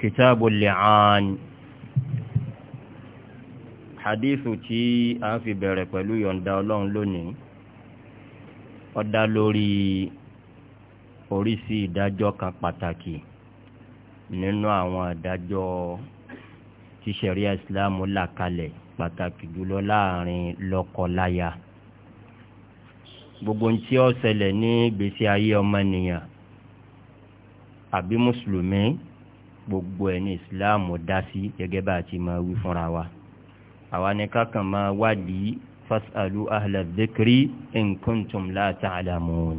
كتاب lẹ́hàn حديث tí a fi bẹ̀rẹ̀ pẹ̀lú yọ̀ǹda ọlọ́run lónìí ó dá lórí oríṣi ìdájọ́ kan pàtàkì nínú àwọn ìdájọ́ tí ṣẹ̀ríà ìsìláàmù là kalẹ̀ pàtàkì jùlọ láàrin lọ́kọ gbogbo ń tí ó ní ìgbésí ayé ọmọnìyàn àbí mùsùlùmí gbogbo ẹ̀ ní ìsìláàmù dá sí gẹ́gẹ́ bá ti máa wí fúnra wa àwa ni kákan máa wádìí fasalu ahla dhikri in kuntum la ta'lamun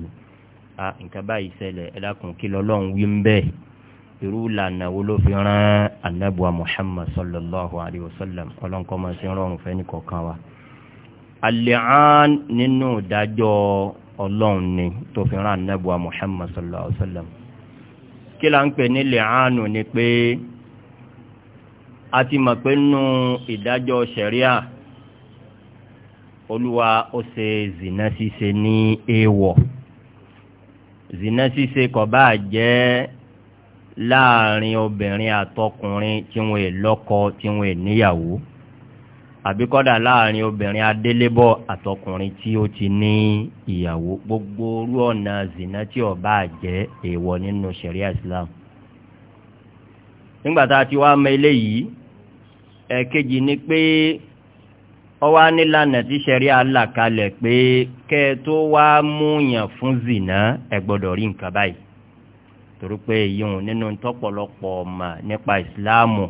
a nǹkan báyìí ṣẹlẹ̀ ẹ kí lọ́lọ́run wí ń bẹ́ẹ̀ irú ìlànà wo ló fi rán anábùwà muhammad sallallahu alayhi wa sallam ọlọ́nkọ́ máa ṣe ń rọrùn fẹ́ ní kọ̀ọ̀kan wa al-li'an nínú ìdájọ́ ọlọ́run ni tó fi rán anábùwà muhammad sallallahu alayhi wa sallam kí la ń pè ní lẹ́hánù ni pé a ti mọ̀ pé nínú ìdájọ́ ṣẹ̀ríà olúwa ó ṣe zina ṣíṣe ní èèwọ̀ zina ṣíṣe kò bá jẹ́ láàrin obìnrin àtọkùnrin tí wọn è lọ́kọ tí wọn è níyàwó àbí kọ́dà láàrin obìnrin adélébọ̀ àtọkùnrin tí ó ti ní ìyàwó gbogbo orú ọ̀nà zina tí ó jẹ́ èèwọ̀ nínú ṣẹ̀ríà islam nígbà tá a ti wá mọ eléyìí ẹ̀kejì ni pé ó wá nílànà tí ṣẹ̀ríà là kalẹ̀ pé kẹ́ ẹ tó wá múyàn fún zina ẹ gbọ́dọ̀ rí nǹkan báyìí torí pé èyí hùn nínú tọ́pọ̀lọpọ̀ ọ̀mà nípa ìsìláàmù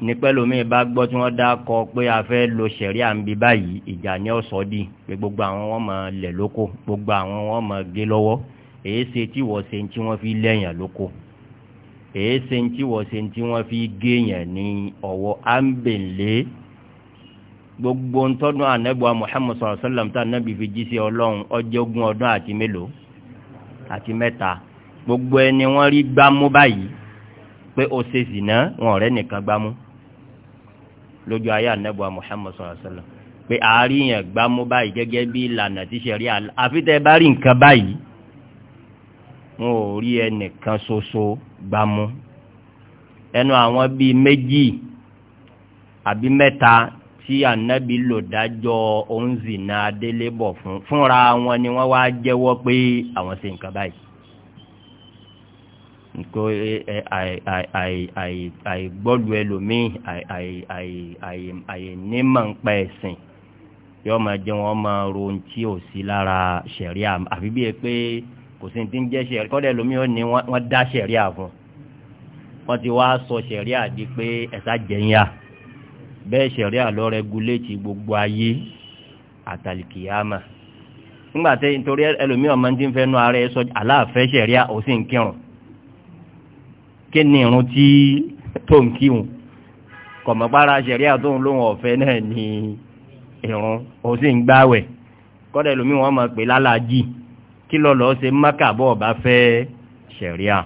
ní pẹ́lú mi bá gbọ́ tí wọ́n dákọ pé a fẹ́ lo sẹ̀rí à ń bi báyìí ìjà ni ó sọ di pé gbogbo àwọn wọn mọ̀ lẹ̀ lóko gbogbo àwọn wọn mọ̀ gé lọ́wọ́ èyí ṣe tí wọ́n ṣe tí wọ́n fi lẹ́yìn lóko èyí ṣe tí wọ́n ṣe tí wọ́n fi géèyàn ní ọ̀wọ́ à gbogbo ntọ́dún anẹ́gbọ́ Muhammad sallallahu alaihi wasallam tá fi jí sí ọlọ́run ọjọ́ ọdún àti mélòó àti mẹ́ta gbogbo ẹni wọ́n rí gbámú báyìí pé ó ṣe zìnà wọn ọ̀rẹ́ nìkan gbámú lójú ayé anábọ̀ Muhammad sallallahu alaihi wasallam pé àárín yẹn gbámú báyìí gẹ́gẹ́ bí ìlànà tí ṣe rí àfitẹ́ bá rí nǹkan báyìí wọn ò rí ẹnìkan ṣoṣo gbámú ẹnu àwọn bíi méjì àbí mẹ́ta tí ànábì lò dájọ́ ounzina adélébọ̀ fún fúnra wọn ni wọ́n wá jẹ́wọ́ pé àwọn ṣe nǹkan báyìí nko àìgbọ́lu eh, eh, ẹlòmíì àìnímọ̀ ń pa ẹ̀sìn yóò máa jẹ́ wọn máa ron tí ò sí lára ṣẹ̀ríà àfi bíi pé kò sí ti ń jẹ́ ṣẹ̀ríà kọ́dà ẹlòmíì ó ní wọ́n dá ṣẹ̀ríà fún wọ́n ti wá sọ ṣẹ̀ríà di pé ẹ̀sà jẹ̀yà bẹ́ẹ̀ ṣẹ̀ríà lọ rẹguléètì gbogbo ayé àtàlìkìyàmà nígbà tí nítorí ẹlòmíì ọmọ ti ń fẹ́ nu ara ẹ sọ aláàfẹ́ ṣẹ̀ríà ó sì ń kírun kí ni irun tí tó ń kíhun kọ̀mọ̀pára ṣẹ̀ríà tó ń ọ̀fẹ́ náà ni irun ó sì ń gbáwẹ̀ kọ́dẹ̀ lómi wọn máa pè lálàájì kí lọ́lọ́ ṣe mọ́kà bọ́ ọ̀bá fẹ́ ṣẹ̀ríà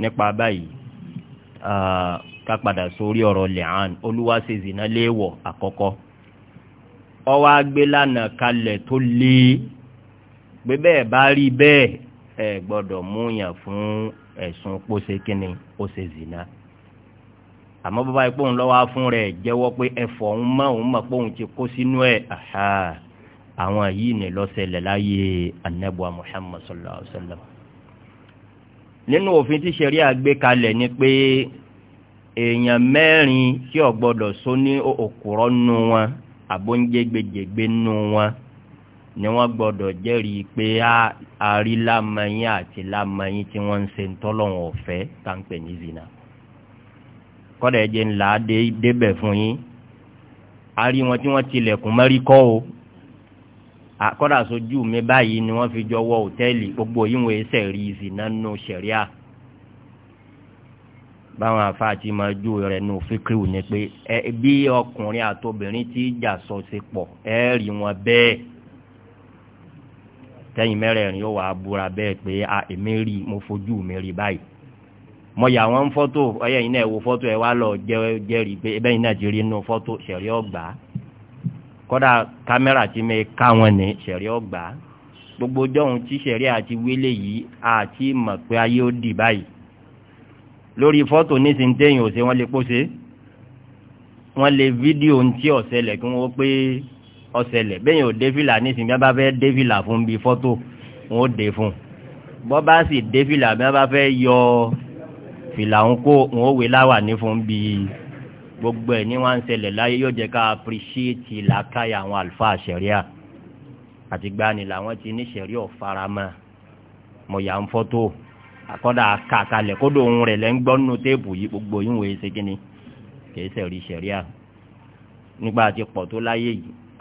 nípa báyìí ká padà sórí ọ̀rọ̀ lẹ́hàn olúwa ṣe léèwọ̀ àkọ́kọ́ ó wá kalẹ̀ tó lé gbé bẹ́ẹ̀ bá rí bẹ́ẹ̀ ẹ gbọ́dọ̀ múyàn fún ẹ̀sùn pósè kínní ó ṣe zina àmọ́ bàbá yìí pòun lọ́wọ́ fún rẹ̀ jẹ́wọ́ pé ẹ̀fọ́ òun mọ̀ òun mọ̀ pòun ti kó sínú ẹ̀ àwọn yìí ni lọ́sẹ̀lẹ̀ láyé anabuwa Muhammad sallallahu alaihi wa sallam nínú òfin tí ṣẹ̀ríà gbé kalẹ̀ ni pé èèyàn mẹ́rin tí ò gbọ́dọ̀ so òkúrọ́ nu wọn àbóńjẹ́gbẹ̀jẹ̀gbẹ̀ nu wọn ni wọ́n gbọ́dọ̀ jẹ́rìí pé a rí lámọ̀yìn àti lámọ̀yìn tí wọ́n ń ṣe ń tọ́lọ́wọ̀n ọ̀fẹ́ táǹpẹ̀ ní zina kọ́dà ẹ̀jẹ̀ ńlá débẹ̀ fún yín a rí wọn tí wọ́n tilẹ̀kùn mẹ́rí kọ́ o kọ́dà sojú mi báyìí ni wọ́n fi jọ wọ òtẹ́ẹ̀lì gbogbo yìí wọ́n ṣe rí zina nù sẹ̀ríà báwọn afáàtì máa ju rẹ̀ nù fíkìrì ni pé bí ọkùnrin àtobìnrin ti jà sọ ṣe pọ̀ ẹ rí wọn bẹ́ẹ̀ tẹ́yìn mẹ́rẹ̀ẹ̀rin yóò wá búra bẹ́ẹ̀ pé a èmi rí mo fojú mi rí báyìí mo yà wọ́n fọ́tò ọyẹ yìí náà wo fọ́tò ẹ wá lọ jẹ́rìí pé ẹbẹ́ yìí náà ti rí inú fọ́tò ṣẹ̀rí ọgbà kọ́dà kámẹ́rà tí mi ká wọn ní ṣẹ̀rí ọgbà gbogbo jọ́hun tí ṣẹ̀rí àti wílé yìí àti mọ̀ pé ayé ó dì báyìí lórí fọ́tò nísìnyí téèyàn ò ṣe wọ́n lè pósè wọ́n lè fídíò ntí ọ̀sẹ̀ lẹ̀ kí wọ́n pé ọ̀sẹ̀lẹ̀ bẹ́ẹ̀ yóò dé fìlà nísìnyí bá fẹ́ dé fìlà fún bí fọ́tò wọn ó dé fún bọ́ bá sì dé fìlà bí wọ́n bá fẹ́ yọ fìlà ń kó wọn ó wé láwà ní fún bí gbogbo ẹ̀ ní wọ́n ń ṣẹlẹ̀ láyé yóò jẹ́ ká apírísíétì làákàyà àwọn àlùfáà ṣẹ̀ríà àtìgbani làwọn ti ní ṣẹ̀ríà ọ̀faramọ́ mọ̀yà ń fọ́tò akọ́dà kàkàlẹ̀ kódò ohun rẹ̀ lẹ́ ń gbọ́ nínú téèpù yìí gbogbo yìí ń wòye ṣe kínní kìí ṣẹ̀rí ṣẹ̀ríà nígbà tí pọ̀ tó láyé yìí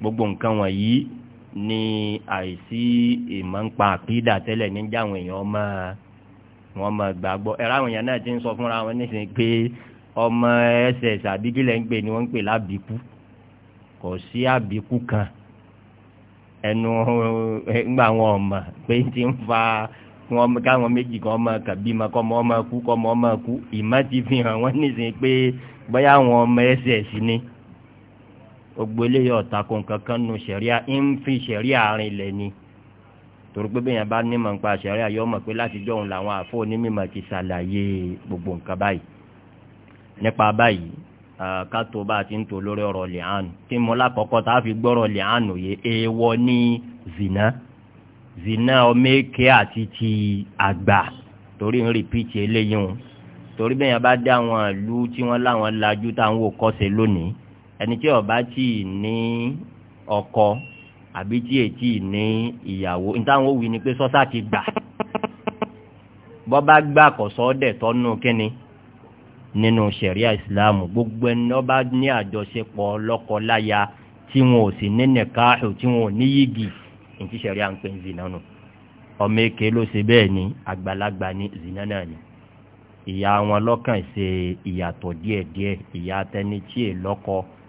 gbogbo nǹkan wọ̀nyí ni àìsí ìmọ̀ǹpa àkídà tẹ́lẹ̀ níjà àwọn èèyàn máa wọ́n máa gbàgbọ́ ẹ̀rọ àwọn èèyàn náà ti ń sọ fúnra wọn nísìnyí pé ọmọ ẹsẹ̀ sàbíkílẹ̀ ń gbé ni wọ́n ń pè lábìkú kò sí àbíkú kan ẹnu ńgbà wọn ọmọ pé ti ń fa káwọn méjì kan ọmọ kàbí ma kọ́ ọmọ ọmọ kú kọ́ ọmọ ọmọ kú ìmọ̀ ti fi hàn wọ́n nísìnyí pé bóyá àwọn ọmọ ẹsẹ̀ ni gbogbo eléyìí ọ̀tako kankan nu sẹ̀ríà ń fi sẹ̀ríà rìn lẹ̀ ni torí pé bẹ́ẹ̀ yẹn bá nímọ̀ nípa sẹ̀ríà yọ ọmọ pé láti jọ̀hún làwọn àfọ onímọ̀ ti ṣàlàyé gbogbo nǹkan báyìí nípa báyìí kátó bá a ti ń to lórí ọ̀rọ̀ lẹ́hànù kí mo lákọ̀ọ́kọ́ tá a fi gbọ́rọ̀ lẹ́hànù yé èèwọ̀ ní zina zina ọmọkè àti ti àgbà torí ń rìpíìtì eléyìí torí bẹ́ẹ̀ yẹn bá dá àwọn ìlú tí wọ́n láwọn lajú táwọn ò kọ́sẹ̀ lónìí ẹni tí ó bá tí ì ní ọkọ àbí tí ì ì ní ìyàwó nítawọn òwì ni pé sọ́sà ti gbà bọ́ bá gbà kọ̀sọ́ dẹ̀ tọ́nu kínni nínú ṣẹ̀ríà ìsìláàmù gbogbo ẹni ọba ní àjọṣepọ̀ lọ́kọ-láya tí wọn ò sì ní nìkaáhù tí wọn ò ní yígì ní ti ń pè ń zìnà nù ọmọ èké ló ṣe bẹ́ẹ̀ ni àgbàlagbà ni zìnà náà ni ìyá wọn lọ́kàn ṣe ìyàtọ̀ díẹ̀díẹ̀ ìyá tẹni tí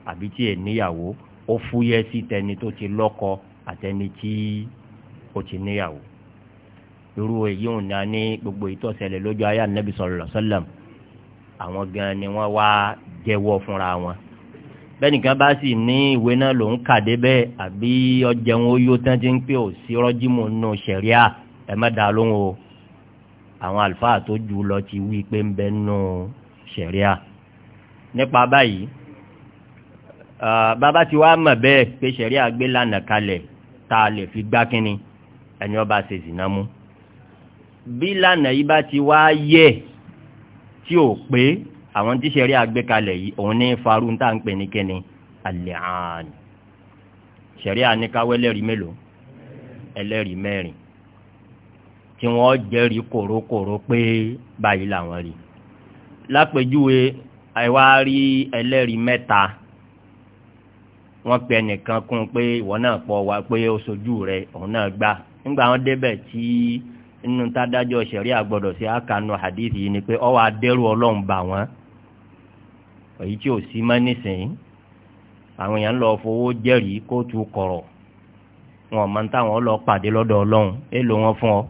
àbí tí ẹ níyàwó ó fúyẹ́ sí tẹni tó ti lọ́kọ àtẹni tí ó ti níyàwó irú èyí ò ní a ní gbogbo ìtọ́sẹ̀lẹ̀ lójú ayé anabi sallallahu alaihi àwọn gan ni wọ́n wá jẹ́wọ́ fúnra wọn bẹ́nìkan bá sì ní ìwé náà lòún kà débẹ̀ àbí ọjẹun oyó tán ti ń pè ò sí rọ́jímù nù sẹ̀ríà ẹ má dá lóhùn o àwọn àlùfáà tó jù lọ ti wí pé ń bẹ nù sẹ̀ríà nípa báyìí bàbá tí wàá mọ̀ bẹ́ẹ̀ pé sẹ̀rí àgbélànà kalẹ̀ tá a lè fi gbá kínni ẹni ọba ṣe zìnà mú bí lànà yìí bá ti wá yẹ tí ò pé àwọn tí sẹ̀rí àgbékalẹ̀ yìí òun ní faru ń tà ń pè ní kínni al-li'an sẹ̀rí àníkáwọ́ ẹlẹ́rìí mélòó ẹlẹ́rìí mẹ́rin tí wọ́n jẹ́rìí kòrókòró pé báyìí làwọn rí lápèjúwe àwa rí ẹlẹ́rìí mẹ́ta wọ́n pe ẹnìkan kún pé ìwọ náà pọ̀ wá pé ó sojú rẹ̀ òun náà gbà nígbà wọn débẹ̀ tí nínú tádájọ́ sẹ̀rí àgbọ̀dọ̀ sí àkànú hadith yìí ni pé ó wá dẹ́rù ọlọ́run bà wọ́n èyí tí ò sí mọ́ nísìnyí àwọn èèyàn lọ fowó jẹ́rìí kóòtù kọ̀rọ̀ wọn mọ táwọn lọ pàdé lọ́dọ̀ ọlọ́run èèlò wọn fún ọ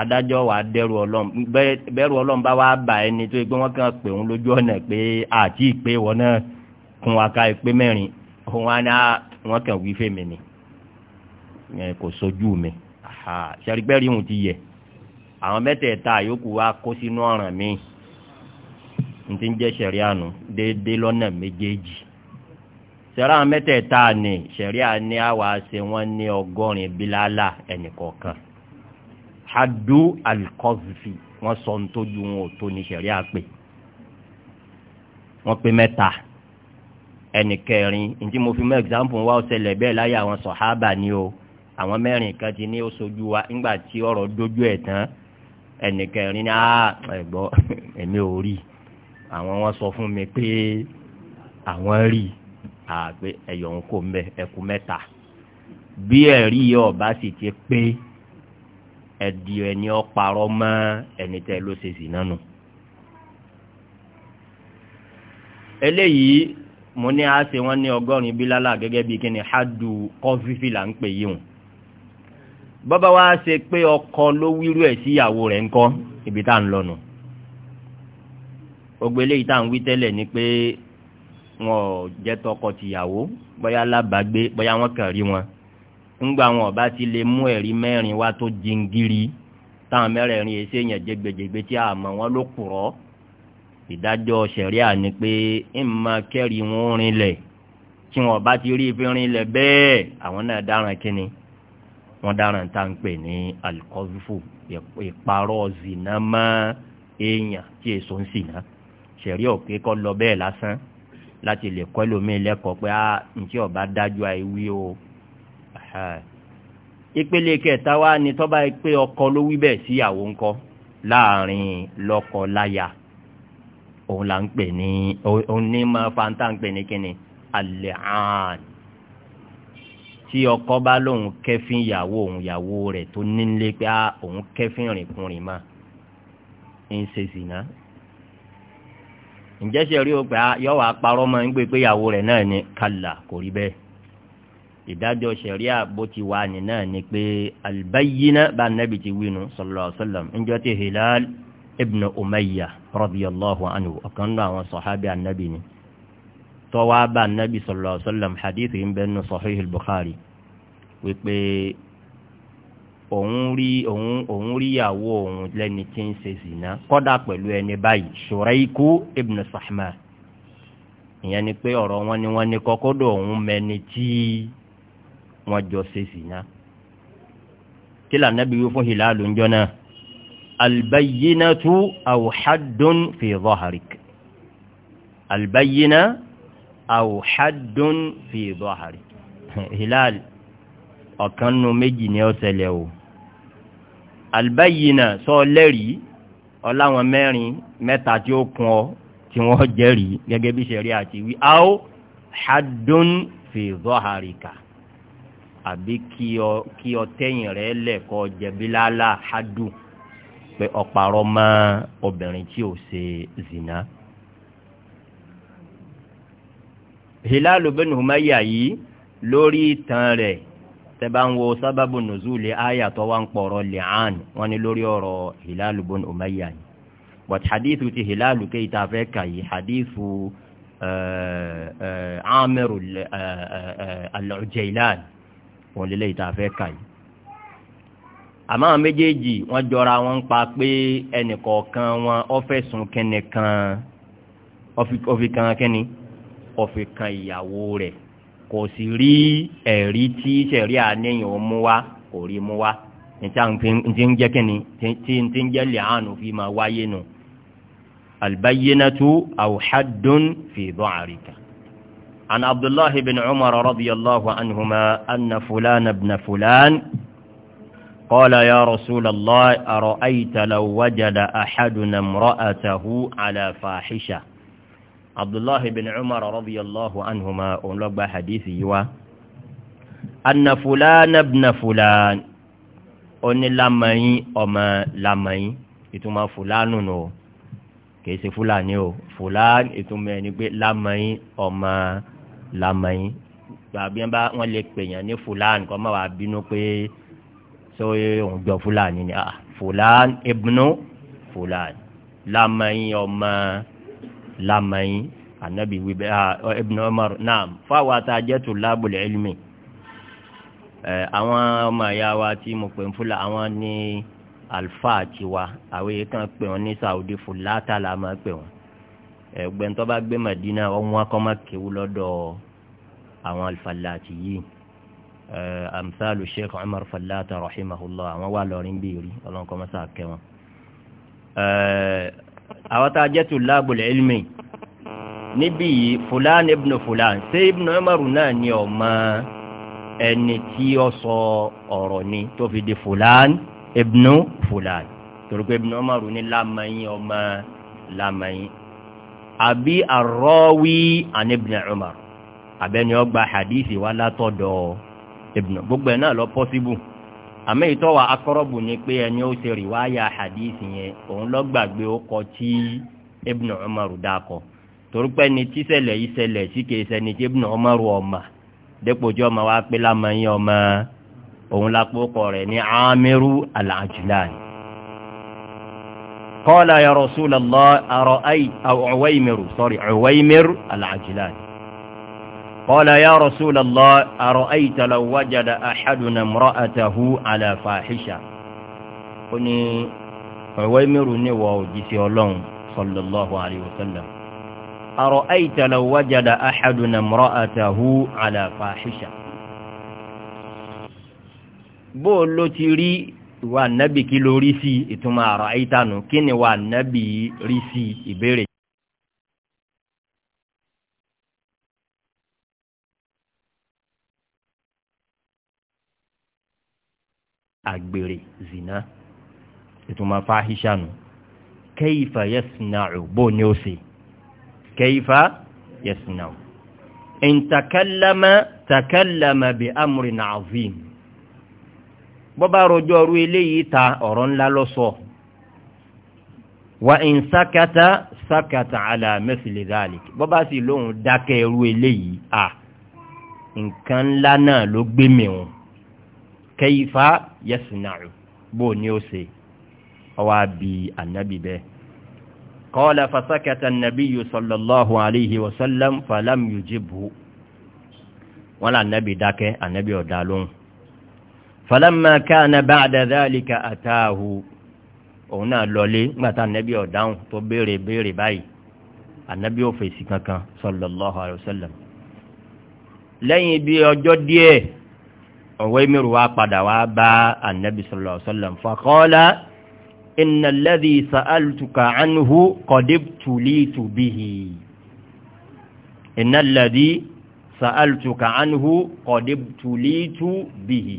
adájọ́ wàá dẹ́rù ọlọ́run bẹ́ẹ̀rù ọlọ́run bá wàá bà ẹni tó yẹ pé wọ́n kàn pè òun lójú ọ̀nà pé àti ìpè wọn náà kún wa ká pé mẹ́rin wọn á ná ah, wọn kàn wí fèmí ni kò sojú mi sẹ́rígbẹ́rì ń ti yẹ àwọn mẹ́tẹ̀ẹ̀ta yòókù wa kó sínú ọ̀ràn mi n ti ń jẹ́ sẹ̀rí àánú déédéé lọ́nà méjèèjì sẹ̀rí àwọn mẹ́tẹ̀ẹ̀ta ni sẹ̀rí àní àwa ṣe wọ́n ní ọgọ́rin bílálà ẹnìkọ̀ọ̀kan hadu alikọ́fì wọ́n sọ ń tójú wọn ò tó ní sẹ̀rí àpè wọ́n pé mẹ́ta ẹnì kẹrin ǹjẹ́ mo fi mọ́ example wa ọ̀sẹ̀lẹ̀ bẹ́ẹ̀ láyé àwọn sọ̀hábà ni o àwọn mẹ́rin kan ti ní ó sojú wa nígbà tí ọ̀rọ̀ dójú ẹ̀ tán ẹnì kẹrin ní ẹ̀gbọ́ ẹ̀mí ò rí àwọn wọn sọ fún mi pé àwọn rí àgbẹ̀ ẹ̀yọ̀ ń mbẹ ẹ̀kú mẹ́ta bí ẹ̀rí ọba sì ti pé ẹ̀dì ẹni ọ̀parọ́ mọ́ ẹni tẹ́ ló ṣe sì nánu. eléyìí mo ní àṣẹ wọn ní ọgọ́rin bílálà gẹ́gẹ́ bí kí ni hadu kọ́fífì là ń pè yí wọn bọ́bá wa ṣe pé ọkọ ló wírú ẹ̀ síyàwó rẹ̀ ńkọ́ ibi tá à ń lọ nù gbogbo eléyìí tá à ń wí tẹ́lẹ̀ ni pé wọn ò jẹ́ tọkọ tìyàwó bóyá alábàágbé bóyá wọn kàn rí wọn ńgbà wọn ọba ti lè mú ẹ̀rí mẹ́rin wá tó jingiri táwọn mẹ́rẹ̀ẹ̀rin èsè yẹn jẹgbẹjẹgbẹ tí a wọn ló kùrọ̀ ìdájọ́ sẹ̀ríà ni pé ìmọ̀ kẹ́rì wọn rinlẹ̀ tí wọn bá ti rí ibi rinlẹ̀ bẹ́ẹ̀ àwọn náà dáràn kínni wọn dáràn tá à ń pè ní alikọ́fífò ìparọ́ zìnà mọ́ èèyàn tí èso ń sì ná sẹ̀ríà òkè kọ́ lọ bẹ́ẹ̀ lásán láti lè kọ́ ẹlòmíì lẹ́kọ̀ọ́ pé a ntí ọba dájú àìwí o ìpele kẹta wa ni tọ́ba pé ọkọ ló wí bẹ́ẹ̀ síyàwó ńkọ́ láàrin lọ́kọ láya òun là ń pè ní òun ní máa fanta ń pè ní kíni al-li'an tí ọkọ bá lóun kẹfín ìyàwó òun ìyàwó rẹ̀ tó nílé pé ah, òun kẹfín rìnkùnrin mà ń ṣe zina ǹjẹ́ ṣe rí o pé ah, yọ̀wọ̀ àparọ́ máa ń gbé pé ìyàwó rẹ̀ náà ni kàlà kò rí bẹ́ẹ̀ ìdájọ́ ṣẹ̀ríà bó ti wà ní náà ni pé albayyina bá nẹ́bi ti wí nu sallallahu ti hilal ابن أمية رضي الله عنه náà àwọn صحابي ànábì ni tọ́wọ́ bá ànábì sallallahu alaihi wasallam hadith yìí ń bẹ nínú sahih al-bukhari wípé òun rí òun òun rí ìyàwó òun lẹ́ni tí ń ṣe zìnà kọ́dà pẹ̀lú ẹni báyìí shuraiku ibn sahma ìyẹn ni pé ọ̀rọ̀ wọn ni wọ́n ní kọ́kọ́dọ̀ òun mẹni tí wọ́n jọ ṣe zìnà kí lànà bí wí fún hilalu ń jọ náà albayyinatu aw haddun fi dhaharik albayyina aw haddun fi dhaharik hilal ọ̀kan nu méjì ni ó ṣẹlẹ̀ o albayyina sọ lẹ́rìí ọláwọn mẹ́rin mẹ́ta tí ó kún ọ tí wọ́n jẹ́rìí gẹ́gẹ́ bí ṣẹ̀rí àti wí aw haddun fi dhaharika àbí kí ọ tẹ́yìn rẹ̀ lẹ̀kọ́ jẹ̀bílálà haddu pé ọ̀pàrọ̀ mọ́ obìnrin tí ò ṣe zina. hilalu bin humayya yìí lórí ìtàn rẹ̀ tẹ́bá ń wo sábàbù nùzúlẹ̀ àyà tó wá ń pọ̀rọ̀ li'an wọ́n ní lórí ọ̀rọ̀ hilalu bin humayya yìí but hadithu ti hilalu kéyìí tá fẹ́ kà yìí hadithu amiru al-ujailani wọ́n lélẹ́yìí fẹ́ kà yìí àmọ́ àwọn méjèèjì wọ́n jọra wọn ń pa pé ẹnìkọ̀ọ̀kan wọn ọ́fẹ̀sùn kẹ́nìkan ọ̀fìkan kẹ́ni ọ̀fìkan ìyàwó rẹ̀ kò sì rí ẹ̀rí tí sẹ̀rí àníyàn mú wá kò rí mú wá níta ti ń jẹ́ kẹ́ni ti ń jẹ́ lẹ́hànú fi máa wáyé nù albayyinatu aw fi dha'rika. عن عبد الله بن عمر رضي الله عنهما أن فلان ابن فلان قال يا رسول الله أرأيت لو وجد أحدنا امرأته على فاحشة عبد الله بن عمر رضي الله عنهما أولوك حديثي و أن فلان ابن فلان أن لمي أما لمي إتما فلان نو كيس فلان يو فلان إتما نبي لمي أما لمي gbàgbé bá wọn lè pèèyàn ní fúlàn kọ́ máa ṣé òun jọ fúlàní ni ah fúlàn ibnu fúlàn lamẹ́yìn ọmọ lamẹ́yìn anabi wíbẹ́ ah ibnu umar naam fáwọn àtàjẹ́ tó lábùl ilmi eh, àwọn ọmọ ìyá wa tí mo pè ń fúlà àwọn ní alfa àti wa àwọn èyí kan pè wọn ní saudi fúlàtà la máa pè wọn ẹgbẹ́ntọ́ eh, bá gbé madina wọn wọn kéwú lọ́dọ̀ àwọn alfàlà àti yìí. Eh, amsalu sheikh umar falata rahimahullah àwọn wà lọrin bí rí ọlọ́nkọ́ mọ́sá kẹwọn. Eh, àwọn tá a jẹ́ tulabul ilmi níbí yìí fulan ibnu fulan ṣé ibnu umar náà ni ọmọ ẹni tí ó sọ ọ̀rọ̀ ni tó fi di fulan ibnu fulan torí pé ibnu umar ní lámàyín ọmọ lámàyín àbí arrawi an ibnu umar abẹ́ni ọgbà hadisi wa látọ̀dọ̀ ibnu gbogbo ẹ̀ náà lọ pọ́síbù àmọ́ ìtọ́ wa akọ́rọ́bù ni pé ẹni ó ṣe rìwáyà hadith yẹn òun lọ gbàgbé ó kọ tí ibnu Umar dákọ torí pé ni tíṣẹ̀lẹ̀ yìí ṣẹlẹ̀ sí kìí ṣẹni tí ibnu Umar ọmọ dépò tí ọmọ wa pé lámọ̀yìn ọmọ òun lápò kọ rẹ̀ ní amiru al-Ajlan qala ya Rasulullah àrọ̀ àwọ̀ Uwaymir sorry Uwaymir al-Ajlan. قال يا رسول الله أرأيت لو وجد أحدنا امرأته على فاحشة قني عويمرني وأوجسي الله صلى الله عليه وسلم أرأيت لو وجد أحدنا امرأته على فاحشة bóòlò ti rí ìwà nábì kí ló rí sí ìtumọ̀ àrà ìtànù kí ni wà nábì rí sí ìbéèrè àgbèrè zina ìtumọ̀ fáhíṣà nù kẹ́yìfà yẹ́sìnàrù bó ní ó sì kẹ́yìfà yẹ́sìnàrù ìntàkẹ́lẹ́mẹ́ tàkẹ́lẹ́mẹ́ bí amúrin àvim bọ́bá rọjò ọrú eléyìí ta ọ̀rọ̀ ńlá lọ́sọ̀ wa ìnsákàtà sákàtà àlàmẹ́sìlẹ̀ dáàlì bọ́bá sì lóhun dákẹ́ ẹrú eléyìí à nǹkan ńlá náà ló gbé mìíràn kẹ́yìfà yẹ́sìnàrù bó ní ó ṣe ọwá bí annabi bẹ́ kọ́ọ̀lá fasakẹta annabi yóò sallallahu alaihi wasallam falam yóò jibhu wọ́n lá annabi dákẹ́ annabi ọ̀dá lóhun falamma kana ba'da dhalika ataahu òun náà lọlé ngbàtà annabi ọ̀dáhùn tó béèrè béèrè báyìí annabi ò fèsì kankan sallallahu alaihi wasallam lẹ́yìn bí ọjọ́ díẹ̀ ọ̀wọ́ ìmìrù wa padà wá bá annabi sallallahu alaihi wasallam faqala inna alladhi sa'altuka anhu qad ibtulitu bihi inna alladhi sa'altuka anhu qad ibtulitu bihi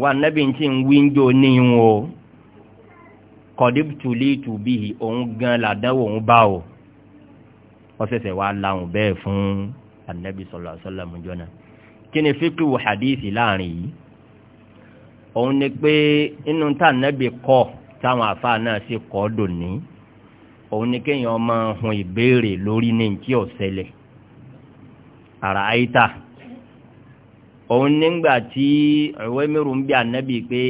wa annabi n ti ń wí ń jò ní ìwọ̀n o qad ibtulitu bihi òun gan làdánwò òun bá o wọ́n ṣẹ̀ṣẹ̀ wá láwọn bẹ́ẹ̀ fún annabi sallallahu jọ́nà kí ni fíkìwò hadithi láàrin yìí òun ni pé inú tá nẹ́bí kọ́ táwọn àfáà náà sì kọ́ dòní òun ni kéèyàn máa hun ìbéèrè lórí ní tí ò ara àyíta òun nígbà tí ìwé mìíràn bí ànẹ́bí pé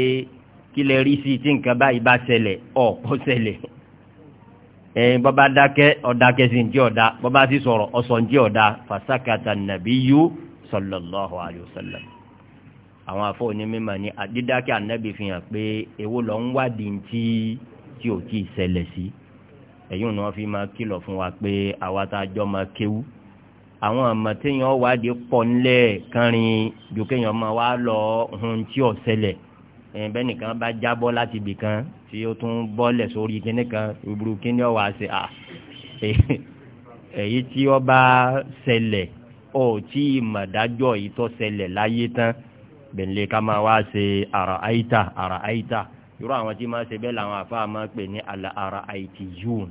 kí lè rí sí tí nǹkan báyìí bá ṣẹlẹ̀ ọ̀pọ̀ ṣẹlẹ̀ ẹ̀yìn bọ́bá dákẹ́ ọ̀dákẹ́ sí ní ọ̀dá bọ́bá sì sọ̀rọ̀ ọ̀sọ̀ ní ọ̀dá fàṣàkàtà nàbí yú sallallahu alayhi wa sallam àwọn afọ onímọ̀ ni dídákẹ́ ànábì fi hàn pé èwo lọ ń wádìí tí tí ò tí ì ṣẹlẹ̀ sí ẹ̀yìn ni wọ́n fi máa kìlọ̀ fún wa pé àwa a jọ máa kéwú àwọn àmọ́ téèyàn wádìí pọ̀ nílẹ̀ kánrin ju kéèyàn máa wá lọ hun tí ò ṣẹlẹ̀ ẹ̀yìn bẹ́ẹ̀ nìkan bá jábọ́ láti ibì kan tí ó tún bọ́lẹ̀ sórí kíní kan ìbúrú kíní ọ̀wá ṣe à èyí tí ó bá ṣẹlẹ̀ ọ̀ tí ìmọ̀dájọ́ yìí tó ṣẹlẹ̀ láyé tán bẹ̀ǹlẹ̀ ká máa wá ṣe ara àìta ara àìta irú àwọn tí máa ṣe bẹ́ẹ̀ làwọn àfáà máa pè ní àlà ara àìtì yún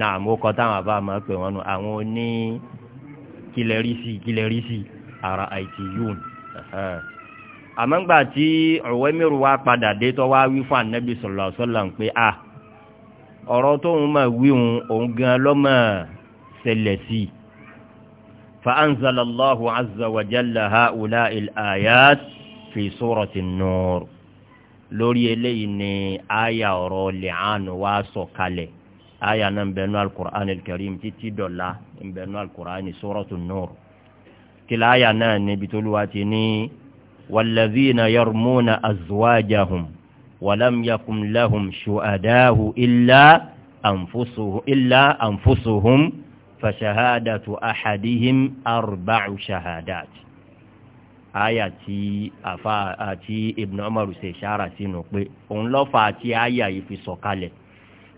náà mo kọ́ táwọn àfáà máa pè wọ́n nu àwọn oní kílẹ̀rìsì kílẹ̀rìsì ara àìtì yún àmọ́ ńgbà tí Uwairu wá padà dé tó wá wí fún Ànábì sallallahu alaihi wasallam pé a ọ̀rọ̀ tóun máa wí òun òun gan lọ́mọ ṣẹlẹ̀ sí i فأنزل الله عز وجل هؤلاء الآيات في سورة النور lórí eléyìí ni aya ọ̀rọ̀ lẹ́hànú wa sọ kalẹ̀ aya náà ń bẹ nú alukur'an karim títí dọ̀la ń bẹ nú alukur'an sọ́rọ́tù nùr kìlá aya náà níbi tó lu wa ti ní wàlẹ́bíyìnà yọrùmúnà azuwájàhùn wàlám yakùn lahùn ṣùadáhù ilà ànfùsùhùn fàṣàhádàtò àhàdíhìm arba'u ṣàhádàt àyà tí àfa àti ibn Umar ṣe ṣára sínú pé òun lọ́fà àti àyà yìí fi sọ̀kalẹ̀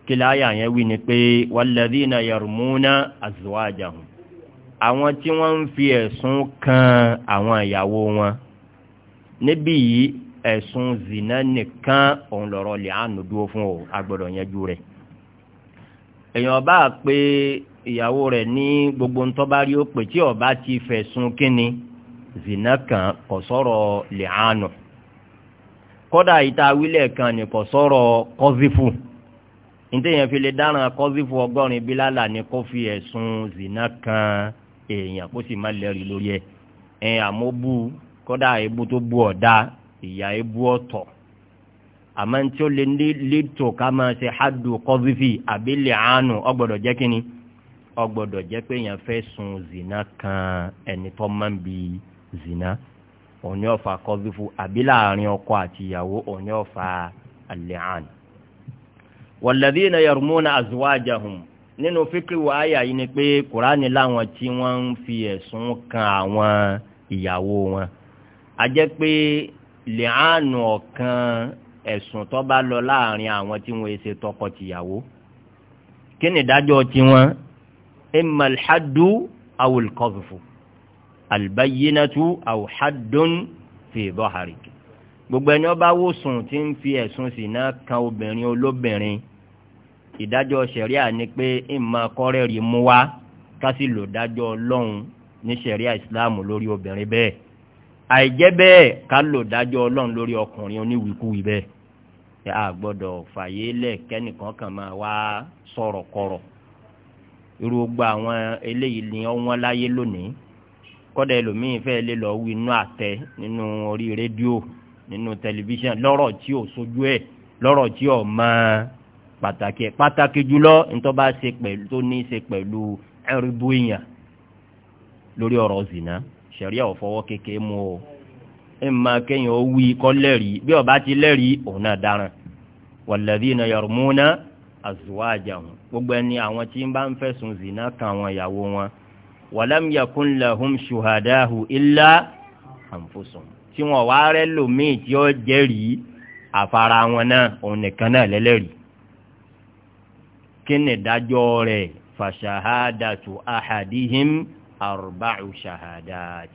kí láyà yẹn wí ni pé walladhina yarmuna azwajahum àwọn tí wọ́n ń fi ẹ̀sùn kan àwọn ìyàwó wọn níbí yìí ẹ̀sùn zina nìkan òun lọ̀rọ̀ lè àánú dúró fún ọ agbọ́dọ̀ yanjú rẹ̀ èèyàn bá pé ìyàwó rẹ̀ ní gbogbo ntọ́ba rí ó pè tí ọba ti fẹ̀sùn kínni zina kan kò sọ̀rọ̀ lẹ́hànù kódà ìta wílẹ̀ kan ni kò sọ̀rọ̀ kọ́sífù ntẹ̀yẹn fi lè dáràn kọ́sífù ọgọ́rin fi zina kan èèyàn kó sì má lẹ́rìí lórí ẹ̀ ẹ̀ kódà ebu tó ọ̀dá ìyá ebu ọ̀tọ̀ àmọ́ ntí ó lè lè tó ká máa ṣe hádùú kọ́sífì àbí ọgbọ́dọ̀ jẹ́ pé èèyàn fẹ́ sun zina kan ẹni tó máa ń bi zina òní ọ̀fà kọ́fífù àbí láàrin ọkọ àti ìyàwó òní ọ̀fà al-li'an. walladhina yarmuna azwajahum nínú fíkì wáyà yìí ni pé kùránì láwọn tí wọ́n ń fi ẹ̀sùn kan àwọn ìyàwó wọn. a jẹ́ pé li'anu ọ̀kan ẹ̀sùn tó bá lọ láàrin àwọn tí wọ́n ṣe tọkọ tìyàwó kí ni ìdájọ́ tiwọn imma alḥaddu aw alqadhfu albayyinatu aw haddun fi dhahriki gbogbo ẹni ọba wòsàn tí ń fi ẹ̀sùn ṣìnà kan obìnrin olóbìnrin ìdájọ́ ṣẹ̀ríà ni pé ìmọ akọrẹ rí mú wá kásì lò dájọ́ Ọlọ́run ní ṣẹ̀ríà ìsìláàmù lórí obìnrin bẹ́ẹ̀ àìjẹ́ bẹ́ẹ̀ ká lò dájọ́ Ọlọ́run lórí ọkùnrin oníwìkúwì bẹ́ẹ̀ ẹ a fàyè lẹ kẹ́nìkan kan máa wá sọ̀rọ̀ kọ̀rọ̀ irú gba àwọn eléyìí ni ọ̀wọ́n láyé lónìí kọ́dà ẹlòmíín fẹ́ lè lọ wí inú àtẹ nínú orí rédíò nínú tẹlifíṣàn lọ́rọ̀ tí ò sojú ẹ̀ lọ́rọ̀ tí ò mọ pàtàkì ẹ̀ pàtàkì jùlọ nítorí bá ṣe pẹ̀lú tó ní í ṣe pẹ̀lú ẹrúbú èèyàn lórí ọ̀rọ̀ zìnà ṣẹ̀ríà ò fọwọ́ kékeré mú o ẹ máa kéèyàn ó wí kọ́ lẹ́rìí bí ó ti lẹ́rìí òun náà dáràn walladhina yarmuna azwajahum gbogbo ẹni àwọn tí ń bá ń fẹ̀sùn zina kan àwọn ìyàwó wọn walam yakun lahum shuhadahu illa anfusuhum tí wọ́n wá rẹ́ lòmíì tí ó jẹ́rìí àfara wọn náà òun nìkan náà lẹ́lẹ́rìí kí ni ìdájọ́ rẹ̀ fàṣàhádàtù ahadihim arba'u shahadat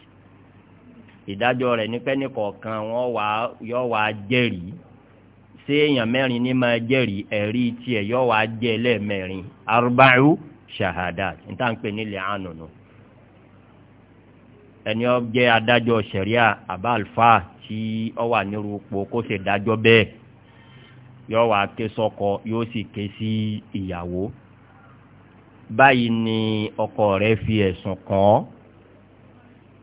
ìdájọ́ rẹ̀ ní ní kọ̀ọ̀kan wọ́n wá yọ wá jẹ́rìí ṣé èèyàn mẹ́rin ní máa jẹ́rìí ẹ̀rí tiẹ̀ yọ wá jẹ́ lẹ́ẹ̀mẹ́rin arba'u shahadat níta ń pè nílẹ̀ ànùnù ẹni ọ jẹ́ adájọ́ ṣẹ̀ríà àbá àlùfà tí ọ wà nírú po kó ṣe dájọ́ bẹ́ẹ̀ yọ wá ké sọ́kọ yóò sì ké sí ìyàwó báyìí ni ọkọ rẹ̀ fi ẹ̀sùn kàn án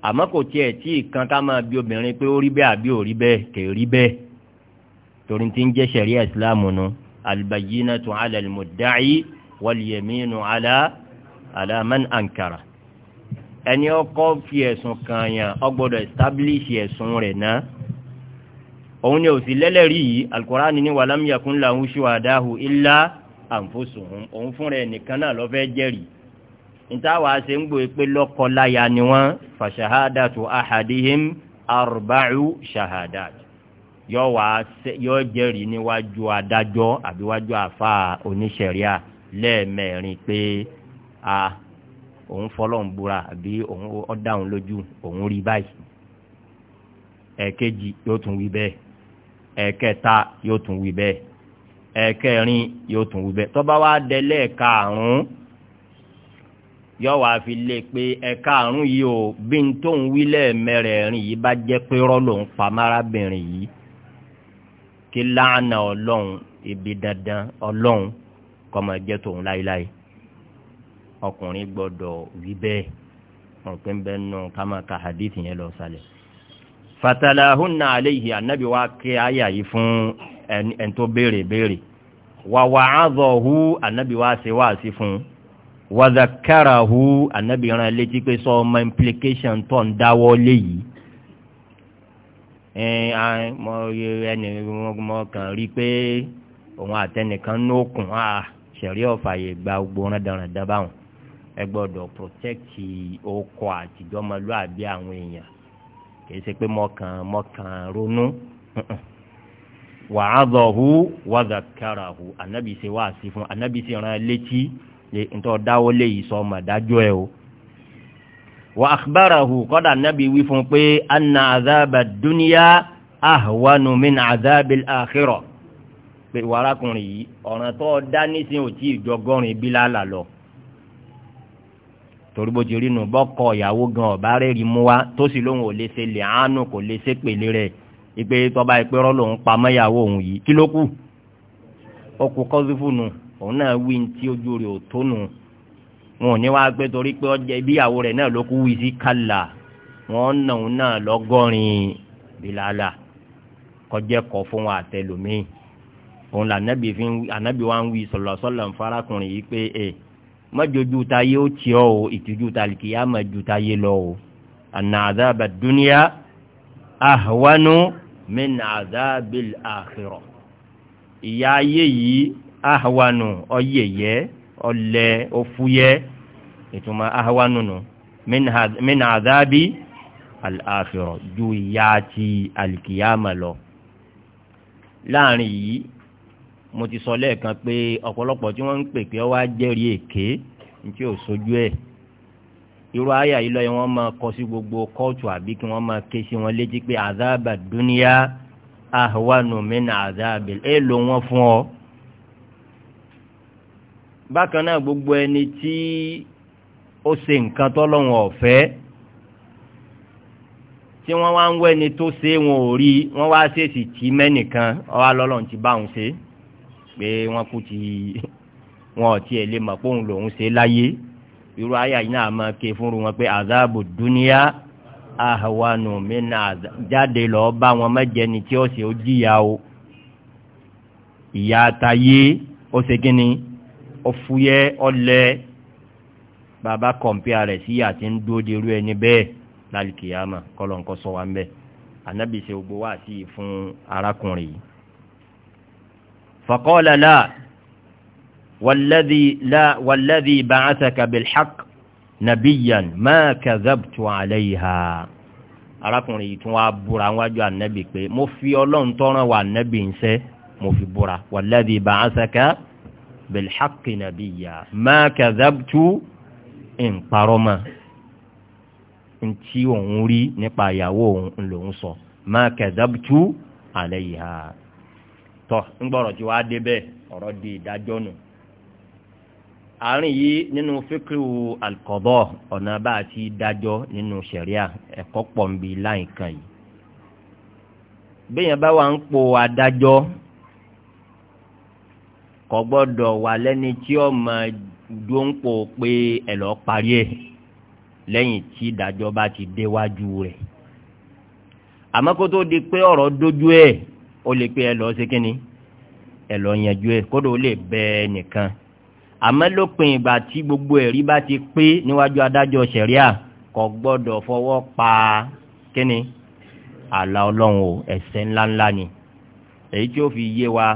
àmọ́ kò tiẹ̀ tí kan ká máa bi obìnrin pé ó rí bẹ́ẹ̀ àbí ò rí bẹ́ẹ̀ kè rí bẹ́ẹ̀ torí ti ń jẹ́ sẹ̀ríà ìsìláàmù nu albayyinatu ala almudda'i walyaminu ala ala man ankara ẹni ọkọ fi ẹ̀sùn kàn yàn ó gbọ́dọ̀ establish ẹ̀sùn rẹ̀ náà òun ni òsì lẹ́lẹ́rìí yìí alukur'ani ni walam yakun lahu shuhadahu illa anfusuhum òun fúnra ẹ̀ nìkan náà ló fẹ́ jẹ́rìí ṣe ń gbọ́ pé lọ́kọ ni wọ́n fàṣàhádàtú ahadihim arba'u shahadat yóò wá yóò jẹ́rìí níwájú adájọ́ àbíwájú àfa oníṣẹ̀ríà lẹ́ẹ̀mẹ́rin pé a òun fọlọ́n búra àbí òun ọ̀dà òun lójú òun rí báyìí ẹ̀ẹ̀kejì yóò tún wí bẹ́ẹ̀ ẹ̀ẹ̀kẹta yóò tún wí bẹ́ẹ̀ ẹ̀ẹ̀kẹrin yóò tún wí bẹ́ẹ̀ tó bá wá dé lẹ́ẹ̀karùn-ún yóò wá fi lé pé ẹ̀ẹ̀karùn-ún yìí ò bí n tóun wí lẹ́ẹ̀mẹ́rẹ̀ẹ̀rin yìí bá jẹ́ pé rọ́ lòun pa márábìnrin yìí kí láàánà ọlọ́run ibi dandan ọlọ́run kó máa jẹ́ tòun láéláé ọkùnrin gbọ́dọ̀ wí bẹ́ẹ̀ wọn pé ń bẹ́ẹ̀ nù ká ka hadith yẹn lọ sálẹ̀ fatalahunna alayhi anabi wa ké àyà yìí fún ẹn tó béèrè béèrè wa wa'adhahu anabi wa ṣe wá sí fún wa zakarahu anabi rán létí pé sọ ọmọ implication tó ń dáwọ́ léyìí. ẹni mo rí pé òun àtẹnìkan ní òkun ṣẹ̀rí ọ̀fàyè gba gbogbo rádaràdà báwọn ẹ gbọ́dọ̀ protẹ́kì ọkọ̀ àtijọ́ ọmọlúàbí àwọn èèyàn kì í ṣe pé mọ̀kàn mọ̀kàn ronú wàhádọ̀hu wàdàkàràhu ànábì ṣe wáàsí fún ànábì ṣe rán létí ntọ́ dáwọ́ lé ìsọmọ̀dájọ́ ẹ o. wa akhbarahu kọ́dà nábì wí fún pé anna azaba dúníyà ahwanu min azabil akhirah pé wàrákùnrin yìí ọ̀ràn tó dá nísìn ò tí ì jọgọ́rin lọ torí bó ti rí nu ìyàwó gan ọ̀bá rẹ́rìí mú wa tó sì lóun ò lè ṣe lè àánú kò lè ṣe pèlè rẹ̀ ìpè tọ́ba ìpẹ́rọ́ lòun pamọ́ ìyàwó òun yìí kí ló kù ó kú kọ́sífù nù òun náà wí ní tí ojú rẹ̀ ò tó nù wọn ò ní wá gbé torí pé ọjà ìbíyàwó rẹ̀ náà ló kú wí sí kálá wọn nà òun náà lọ́gọ́rin bìlálà kọjá kọ fún wa àtẹlómìn òun là nàbì fi ànàbì wa ń wí sọlọsọlọ nfarakùnrin yìí pé ẹ mọ́jọ́jú ta yé ó tiọ́ o ìtìjú ta kìí àmọ́ ju ta yé lọ o àna àdábà dúníà ahwanu min àdábìl àkhírà ìyà ayé yìí ahwanu ọ̀yẹ̀yẹ́. ọlẹ ofuyẹ ìtumọ̀ ahawanunu mina azabi al-akhirah ju ìyà ti alikiyama lọ láàrin yìí mo ti sọ lẹ́ẹ̀kan pé ọ̀pọ̀lọpọ̀ tí wọ́n ń pè pé ọ wá jẹ́rìí èké ní tí ò sojú ẹ̀ irú àyà yìí lọ́yẹ̀ wọ́n máa kọ sí gbogbo kóòtù àbí kí wọ́n máa ké sí wọn létí pé azaba dunya ahwanu min azabil èèlò wọn fún ọ bákan náà gbogbo ẹni tí ó ṣe nǹkan tọ́lọ́run ọ̀fẹ́ tí wọ́n wá ń wẹ́ni tó ṣe wọn ò rí wọ́n wá ṣèṣì tì mẹ́nìkan ọwọ́ alọ́lọ́run ti bá òun ṣe pé wọ́n kú ti wọn ò tiẹ̀ lè mọ̀ pé òun lòun ṣe láyé irú ayé yìí náà máa ké fúnru wọn pé azabu dúníà ahawanu mina jáde lọ́ọ́ bá wọn mẹ́jẹni tí ó ṣe ó jìyà o ìyá àtàyé ó ṣe kí ọ̀fúyẹ́ ọ̀lẹ́ bàbá kọ̀m̀pìà rẹ̀ sí àti ń dúró de irú ẹni bẹ́ẹ̀ lálìkìyàmà kọ́lọ̀ nǹkan sọ wa ń bẹ̀ ànábì ṣe gbogbo sí fún arákùnrin yìí. faqala la walladhi la walladhi ba'athaka bilhaq nabiyan ma kadhabtu alayha arákùnrin yìí tún wá búra wájú ànábì pé mo fi ọlọ́run tọ́ràn wà ànábì ń sẹ́ mo fi búra walladhi ba'athaka bilhaqi nabiyya ma kadhabtu nparọ́mà ntí òun rí nípa ìyàwó òun lòun sọ ma kadhabtu alayha tọ́ ńgbọ́rọ̀ tí wàá débẹ̀ ọ̀rọ̀ di ìdájọ́ nù àárín yìí nínú fíkìrù alkọ́bọ̀ ọ̀nà bá a ti dájọ́ nínú ṣẹ̀ríà ẹ̀kọ́ pọ̀ ń bi láìkan yìí. béèyàn bá wà ń po adájọ́ kò gbọ́dọ̀ wà lẹ́ni tí ó máa dóńpò pé ẹ lọ parí ẹ̀ lẹ́yìn tí ìdájọ́ bá ti déwájú rẹ̀ àmọ́ kó tó di pé ọ̀rọ̀ dojú ẹ̀ ó lè pe ẹ lọ ṣe kínni ẹ lọ yanjú ẹ̀ kódò ó lè bẹ ẹ nìkan àmọ́ lópin ìgbà tí gbogbo ẹ̀rí bá ti pé níwájú adájọ́ ṣẹ̀ríà kò gbọ́dọ̀ fọwọ́ pa kínni àlà ọlọ́run o ẹ̀ṣẹ̀ ńláńlá ni èyí tí ó fi yé wa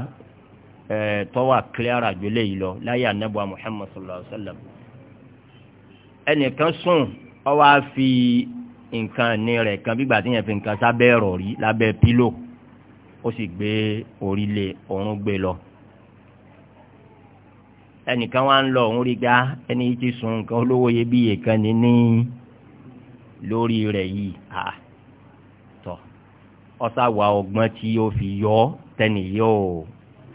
tọ́wà kílára ju léyìí lọ láyé anábọ̀ Muhammad sallallahu alayhi wa sallam ẹnìkan sùn ó wá fi nǹkan ní rẹ̀ kan bí gbàtí yẹn fi nǹkan sábẹ́ ẹ̀rọ rí lábẹ́ pílò ó sì gbé orílẹ̀ ọ̀run gbé lọ ẹnìkan wá ń lọ òun rí gbá ah, ẹni tí sùn nǹkan olówó iyebíye kan ní ní lórí rẹ̀ yìí à ah, tọ̀ ọ̀sà wà ọgbọ́n tí yóò fi yọ tẹ́nìyàn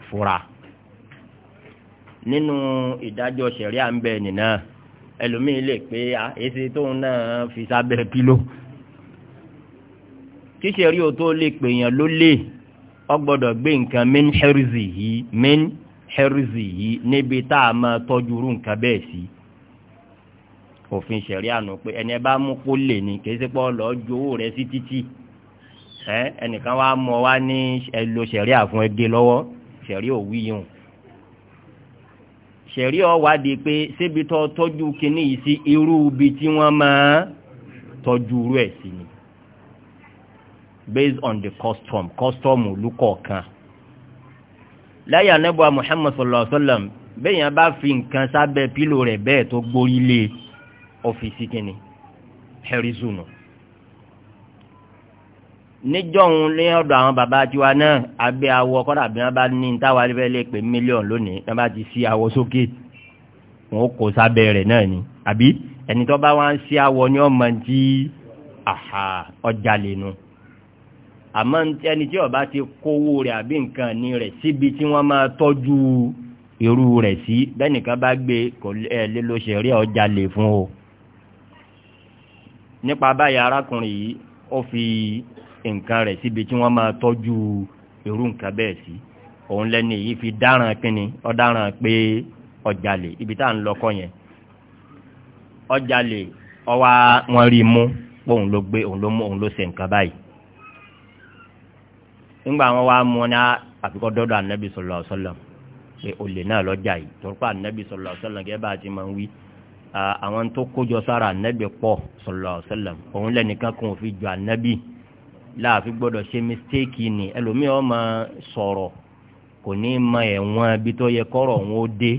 fura nínú ìdájọ́ sẹ̀ríà ń bẹ nìna ẹlòmíì lè pé èsì tóun náà fi sábẹ́ kílò kí sẹ̀rí o tó lè pèèyàn ló lè ọ gbọ́dọ̀ gbé nǹkan min hẹ́rìzì yìí min hẹ́rìzì yìí níbi tá a máa tọ́jú irú nǹkan bẹ́ẹ̀ sí òfin sẹ̀ríà nù pé ẹni ẹ bá mú kó lè ní kì í ṣe pé ju owó rẹ sí títì ẹnìkan wàá mọ wá ní ẹlò sẹ̀ríà fún ẹgbẹ́ lọ́wọ́ ṣẹ̀rí òwí yìí ṣẹ̀rí ọ̀wádìí pé ṣébi tó tọ́jú kínní yìí sí irú ibi tí wọ́n máa tọ́jú irú ẹ̀ sí ni based on the custom custom olùkọ̀ọ̀kan láyé anábọ́à Muhammad sallallahu alayhi wa sallam bẹ́ẹ̀ yẹn bá fi nǹkan sábẹ́ pílò rẹ̀ bẹ́ẹ̀ tó gbórí lé ọ́fíìsì kínní hẹ́rìzùnù. No níjọ́hun lé ọ̀dọ̀ àwọn bàbá tiwa náà abẹ́ awọ kọ́dà bí wọ́n bá ní táwa lẹ́fẹ́ lè pé mílíọ̀nù lónìí wọ́n bá ti sí awọ sókè wọn kò sábẹ́ rẹ̀ náà ni àbí ẹni tó bá wá ń sí awọ ní ọmọ tí àhà ọjà lè nu àmọ́ ẹni tí ọba ti kówó rẹ̀ àbí nǹkan ní rẹ̀ síbi tí wọ́n máa tọ́jú irú rẹ̀ sí bẹ́nìkan bá gbé kò lè lo ṣẹ̀rí ọjà lè fún o nípa báyìí arákùnrin yìí ó fi nǹkan rẹ̀ síbi tí wọ́n máa tọ́jú irú nǹkan bẹ́ẹ̀ sí òun lẹ́ni yìí fi dáràn kínni ọ̀daràn pé ọ̀jàlè ibi tá à ń lọkọ yẹn ọ̀jàlè ọwá wọn rí mú pòun ló gbé òun ló mú òun ló ṣe nǹkan báyìí nígbà wọn wá mú ní ah, àfikọ́ dọ́dọ̀ anabi sallallahu pé olè náà lọ́jà yìí gẹ́gẹ́ bá a ti máa ń wí ah, àwọn tó kójọ sára pọ̀ jọ anabi. láàfi gbọ́dọ̀ ṣe mistake ni ẹlòmíì ó sọ̀rọ̀ kò ní ma ẹ̀wọ̀n ibi tó yẹ kọ́rọ̀ òun ó dé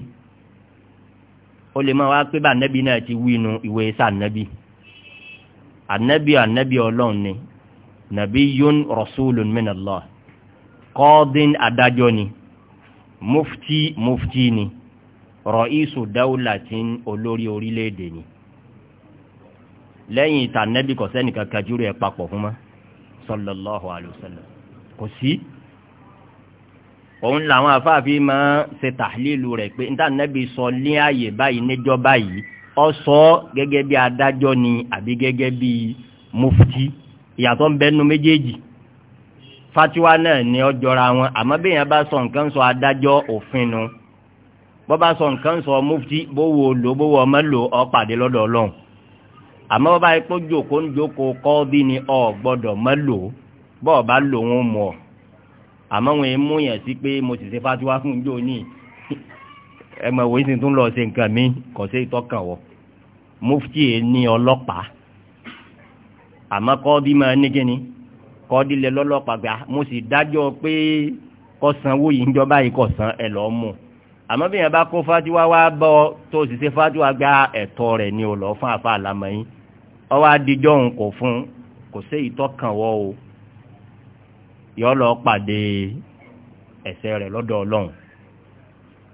ó lè máa wá pé bá náà ti wí ìwé sá ànábì ànábì ànábì ọlọ́run ni nabiyyun rasulun kọ́ọ́dín adájọ́ ni mufti mufti ni rọ̀ísù dáúlàtín olórí orílẹ̀-èdè ni lẹ́yìn ìtànẹ́bí kajúrò ẹ̀ papọ̀ fún sallallahu alayhi wa sallam kò sí òun làwọn afáàfin máa ṣe tàhílìlù rẹ̀ pé níta nẹ́bí sọ ní ààyè báyìí níjọ́ báyìí ọ sọ gẹ́gẹ́ bí adájọ́ ni àbí gẹ́gẹ́ bí mufti ìyàtọ̀ ń bẹnu méjèèjì fatiwa náà ni ọ jọra wọn àmọ́ bí èèyàn bá sọ nǹkan sọ adájọ́ òfin nu bọ́ bá sọ nǹkan sọ mufti bówó lò bówó ọmọ lò ọ pàdé lọ́dọ̀ ọlọ́run àmọ́ bá yẹ kó jòkó ń jòkó kọ́ bí ni ọ gbọ́dọ̀ mọ́ lò bọ́ ọ bá lò wọn mọ̀ àmọ́ wọn mú yẹn sí pé mo sì ṣe fatiwa fún un jò ní ẹ mọ̀ wòye sì tún lọ ṣe nǹkan mi kò sí ìtọ́kàn wọ mufti yẹn ní ọlọ́pàá àmọ́ kọ́ bí máa ní kọ́ dílé lọ́lọ́pàá gbà mo sì dájọ́ pé kọ́ sanwó yìí ń jọba yìí kọ̀ san ẹ lọ́ọ́ mú un àmọ́ bí yẹn bá kó fatiwa wá bọ́ tó sì ṣe fatiwa gba ẹ̀tọ́ rẹ̀ ni ò lọ fún àfa àlámọ́ yín ọwọ́ adijọ́ òun kò fún kò sí ìtọ́kàn wọ́ o yọ lọ pàdé ẹ̀ṣẹ̀ rẹ̀ lọ́dọ̀ ọlọ́run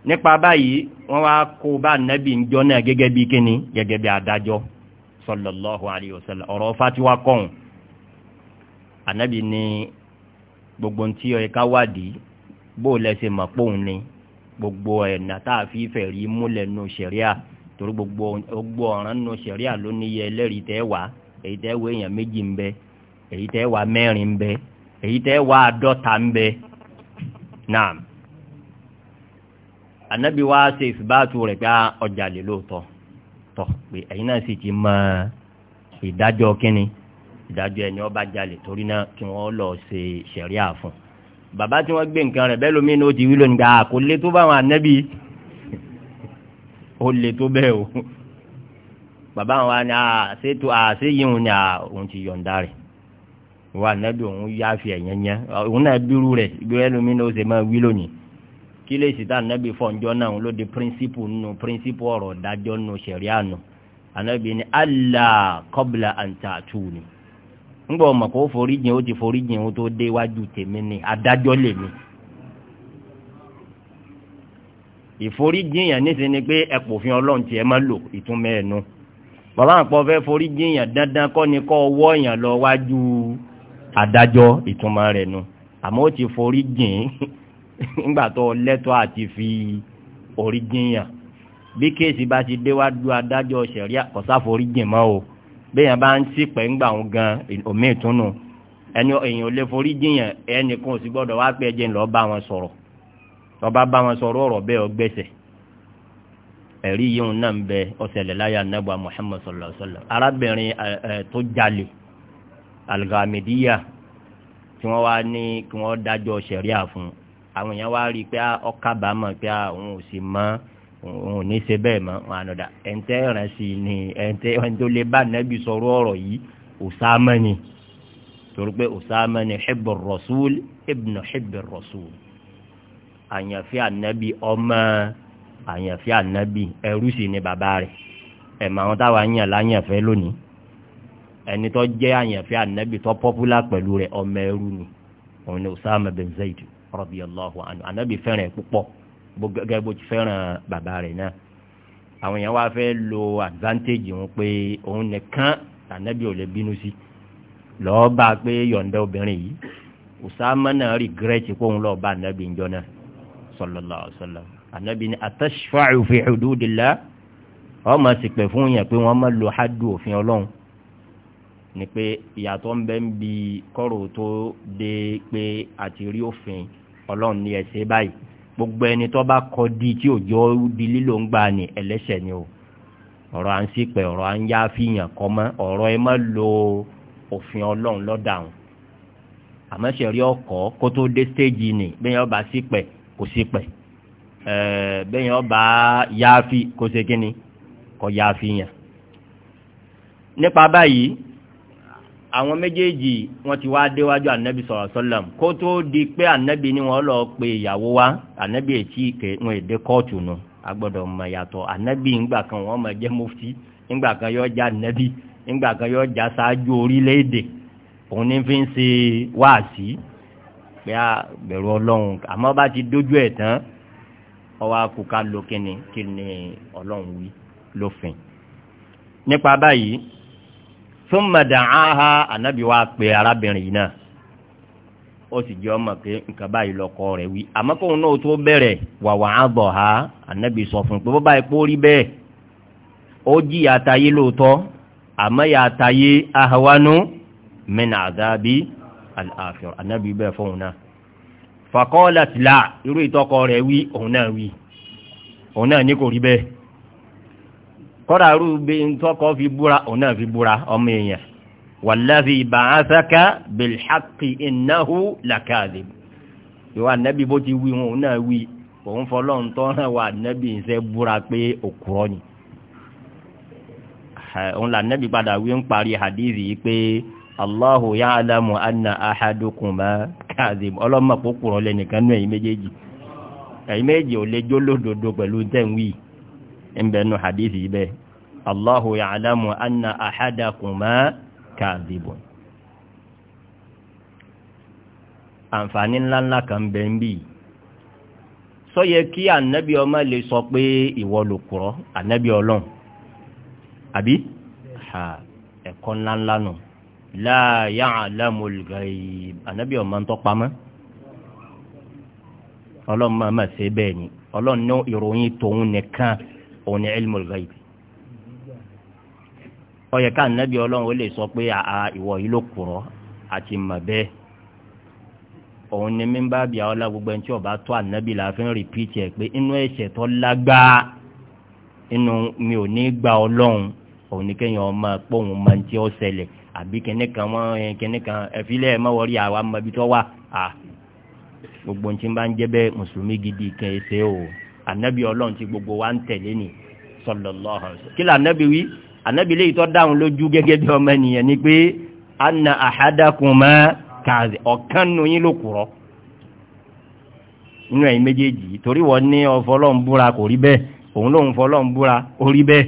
nípa báyìí wọ́n wá kó bá nẹ́bí ń náà gẹ́gẹ́ bí kíni gẹ́gẹ́ bí adájọ́ sallallahu alayhi wa sallam ọ̀rọ̀ fatiwa kọ́hún anabi ní gbogbo ntí ó yẹ ká wádìí bó lẹ́sẹ̀ pòun ni gbogbo ẹ̀nà tá a fi fẹ̀rí múlẹ̀ nù sẹ̀ríà torí gbogbo ọ̀ràn nù sẹ̀ríà ló ní iye ẹlẹ́rìí tẹ́ wà èyí tẹ́ wọ èèyàn méjì ń bẹ èyí tẹ́ wà mẹ́rin ń bẹ èyí tẹ́ wà àádọ́ta ń bẹ naam anabi wa ṣe ọjà lè lóòótọ́ tọ̀ pé ẹ̀yin náà sì ti mọ ìdájọ́ ìdájọ́ ọba torí náà kí wọ́n lọ ṣe fún Baba tí wọ́n gbé nǹkan rẹ̀ bẹ́ẹ̀ lómi ní ó ti wí lónìí gbà kó lé tó báwọn ànábì ó lé tó bẹ́ẹ̀ o bàbá wa ni àṣetò àṣeyìhun ni òun ti yọ̀ǹda rẹ̀ wà ànábì òun yá fi ẹ̀yẹn yẹn òun náà bírú rẹ̀ ibi rẹ̀ lómi ní ó ṣe máa wí lónìí kí lè sì tá ànábì fọ̀njọ́ náà ló di píríncípù nù píríncípù ọ̀rọ̀ dájọ́ nù ṣẹ̀ríà nù ànábì ni allah kọ́bla àǹtà tù ni ńgbọ́ ọmọ kó foríjìn ó ti foríjìn ó tó dé iwájú tèmi ni adájọ́ lèmi. ìforíjìn yẹn níṣẹ́ ni pé ẹ kò fi ọlọ́run tiẹ̀ máa lò ìtumọ̀ ẹ̀nu bàbá àpọ̀ fẹ́ foríjìn yẹn dandan kọ́ ni kọ́ ọwọ́ yẹn lọ wájú adájọ́ ìtumọ̀ rẹ̀ nu àmọ́ ó ti foríjìn nígbà tó lẹ́tọ́ àti fi oríjìn yẹn bí kéèsì bá ti déwájú adájọ́ ṣẹ̀ríà kọ́sáforíjìn mọ́ o bẹ́ẹ̀ bá ń tí pẹ̀ ń gbà wọn gan omi ìtúnu ẹni èèyàn lè forí jiyàn ẹnìkan ò sì gbọ́dọ̀ wá pé ẹjẹ́ ńlọ bá wọn sọ̀rọ̀ ọba bá wọn sọ̀rọ̀ ọ̀rọ̀ bẹ́ẹ̀ ọgbẹ́sẹ̀ ẹ̀rí yìí náà ń bẹ ọ̀sẹ̀lẹ̀ láyà nàbà Muhammad sallallahu alaihi wasallam arábìnrin tó jalè algamidiya tí wọ́n wá ní kí wọ́n dájọ́ ṣẹ̀ríà fún àwọn èèyàn wá rí i pé ọkàbàámọ̀ ah, pé àwọn ah, ò sì mọ́ ọ́ òun ò ní ṣe bẹ́ẹ̀ mọ́ wọn ànàdà ẹ̀ǹtẹ́ rẹ̀ sì ni ẹ̀ǹtẹ́ ẹ̀ǹtẹ́ lè bá nẹ́bí sọ̀rọ̀ ọ̀rọ̀ yìí Usama ni torí pé Usama ni hibbu rasul ibnu hibbu rasul àyànfẹ́ ànábì ọmọ àyànfẹ́ ànábì ẹrú sì ni bàbá rẹ̀ ẹ̀mọ àwọn táwa yàn láyànfẹ́ lónìí ẹni tó jẹ́ àyànfẹ́ ànábì tó pọ́pùlà pẹ̀lú rẹ̀ ọmọ ẹrú ni òun gẹ́gẹ́ bó ti fẹ́ràn bàbá rẹ̀ náà àwọn èèyàn wá fẹ́ lo advantage wọn pé òun nìkan ànábì ò lè bínú sí lọ́ọ́ bá a pé yọ̀ǹda obìnrin yìí Usama náà regret pé òun lọ́ọ́ bá ànábì ń jọ náà sallallahu alaihi wasallam ànábì ní atashfa'u fi hududillah wọ́n máa sì pẹ̀ fún yẹn pé wọ́n máa lo hadu òfin ọlọ́run ni pé ìyàtọ̀ ń bẹ ń bi kọ́rọ̀ tó dé pé àti rí òfin ọlọ́run ní ẹsẹ̀ báyìí gbogbo ẹni tó bá kọ di tí òjò di lílo ń gbà ní ẹlẹ́sẹ̀ ni o ọ̀rọ̀ à ń sípẹ̀ ọ̀rọ̀ à ń yá fìyàn kọ́ mọ́ ọ̀rọ̀ ẹ má lo òfin ọlọ́run lọ́dàrún àmọ́ sẹ̀rí ọkọ̀ kó tó dé stéèjì ni bẹ́ẹ̀ yẹn ọba sípẹ̀ kò sípẹ̀ ẹ̀ẹ́ bẹ́ẹ̀ yẹn ọba yááfi kó ṣe kínni kọ́ yááfi yàn nípa báyìí àwọn méjèèjì wọ́n ti wá déwájú ànábì sọ̀rọ̀ sọ́lọ̀m kó tó di pé ànábì ni wọ́n lọ pe ìyàwó wa ànábì ètí ìkè wọn èdè kóòtù nù agbọ́dọ̀ mọ̀ yàtọ̀ ànábì ńgbà kan wọ́n mọ̀ jẹ́ mufti ńgbà kan yọ já ànábì ńgbà kan yọ já sáájú orílẹ̀-èdè òun ní fi ń ṣe wáàsí pé a bẹ̀rù ọlọ́run àmọ́ bá ti dójú ẹ̀ tán ọwọ́ thumma da'aha aha wa pe arábìnrin yìí náà ó sì jẹ́ ọmọ pé nǹkan báyìí lọ́kọ rẹ̀ wí àmọ́ náà tó bẹ̀rẹ̀ wa ha anabi sọ fún un pé bó báyìí pé ó rí bẹ́ẹ̀ ó jìyà àtayé lóòótọ́ àmọ́ yà àtayé ahawanu min adhabi al-akhirah bẹ́ẹ̀ fóun náà faqalat la irú ìtọ́kọ rẹ̀ wí òun náà wí òun náà ní kọ́ra rúbe ntọ́kọ́ fi búra òun náà fi búra ọmọ èèyàn wàláfi bàásákà bilhaki ináhu làkàdé ìwà nẹ́bí bó ti wí wọn òun náà wí òun fọlọ́run tọ́ wà nẹ́bí búra pé òkúrọ́ ni òun là nẹ́bí padà wí ń parí hadithi yìí pé allahu anna lẹ́nìkan náà ò lè jó lódodo pẹ̀lú ẹnbẹ̀nu hadith yìí bẹ́ẹ̀ allahu ya'lamu anna ahadakuma kadhibun àǹfààní ńláńlá kan bẹ́ẹ̀ ń bì sọ́yẹ kí ànábì ọmọ lè sọ pé ìwọ ló kúrọ́ ànábì ọlọ́run àbí ẹ̀kọ́ ńláńlá nù la ya'lamul ghaib ànábì ọmọ ń tọ́pamọ́ ọlọ́run máa ma ṣe bẹ́ẹ̀ ni ọlọ́run ní ìròyìn tòun nìkan òun ni ilmul ghaibi ká nàbí ọlọ́run ó lè sọ pé àà ìwọ yìí ló kùrọ̀ àti mọ̀ bẹ́ẹ̀ òun ni mímbà bí àwọn alágbogbo ẹni tí ó tó ànábì la rìpíìtì pé inú ẹ̀ṣẹ̀ tó inú mi ò ní gba ọlọ́run òun ni kéèyàn ọmọ pòun máa ń tí ó ṣẹlẹ̀ àbí kíní kan wọ́n kíní kan ẹ̀fílẹ̀ ẹ̀ mọ́wọ́rí àwọn tó gbogbo ohun tí ń bá gidi anabi ọlọ́run ti gbogbo wa ń tẹ̀lé ni sallallahu alaihi wasallam kí la anabi wí anabi lè tọ́ dáhùn lójú gẹ́gẹ́ bí ọmọ ènìyàn ni pé anna ahadakuma kàzẹ ọ̀kan nù yín ló kúrọ́ nínú ẹ̀yin méjèèjì torí wọ́n ní ọfọlọ́n búra kò rí bẹ́ẹ̀ òun lòun fọlọ́n búra ó rí bẹ́ẹ̀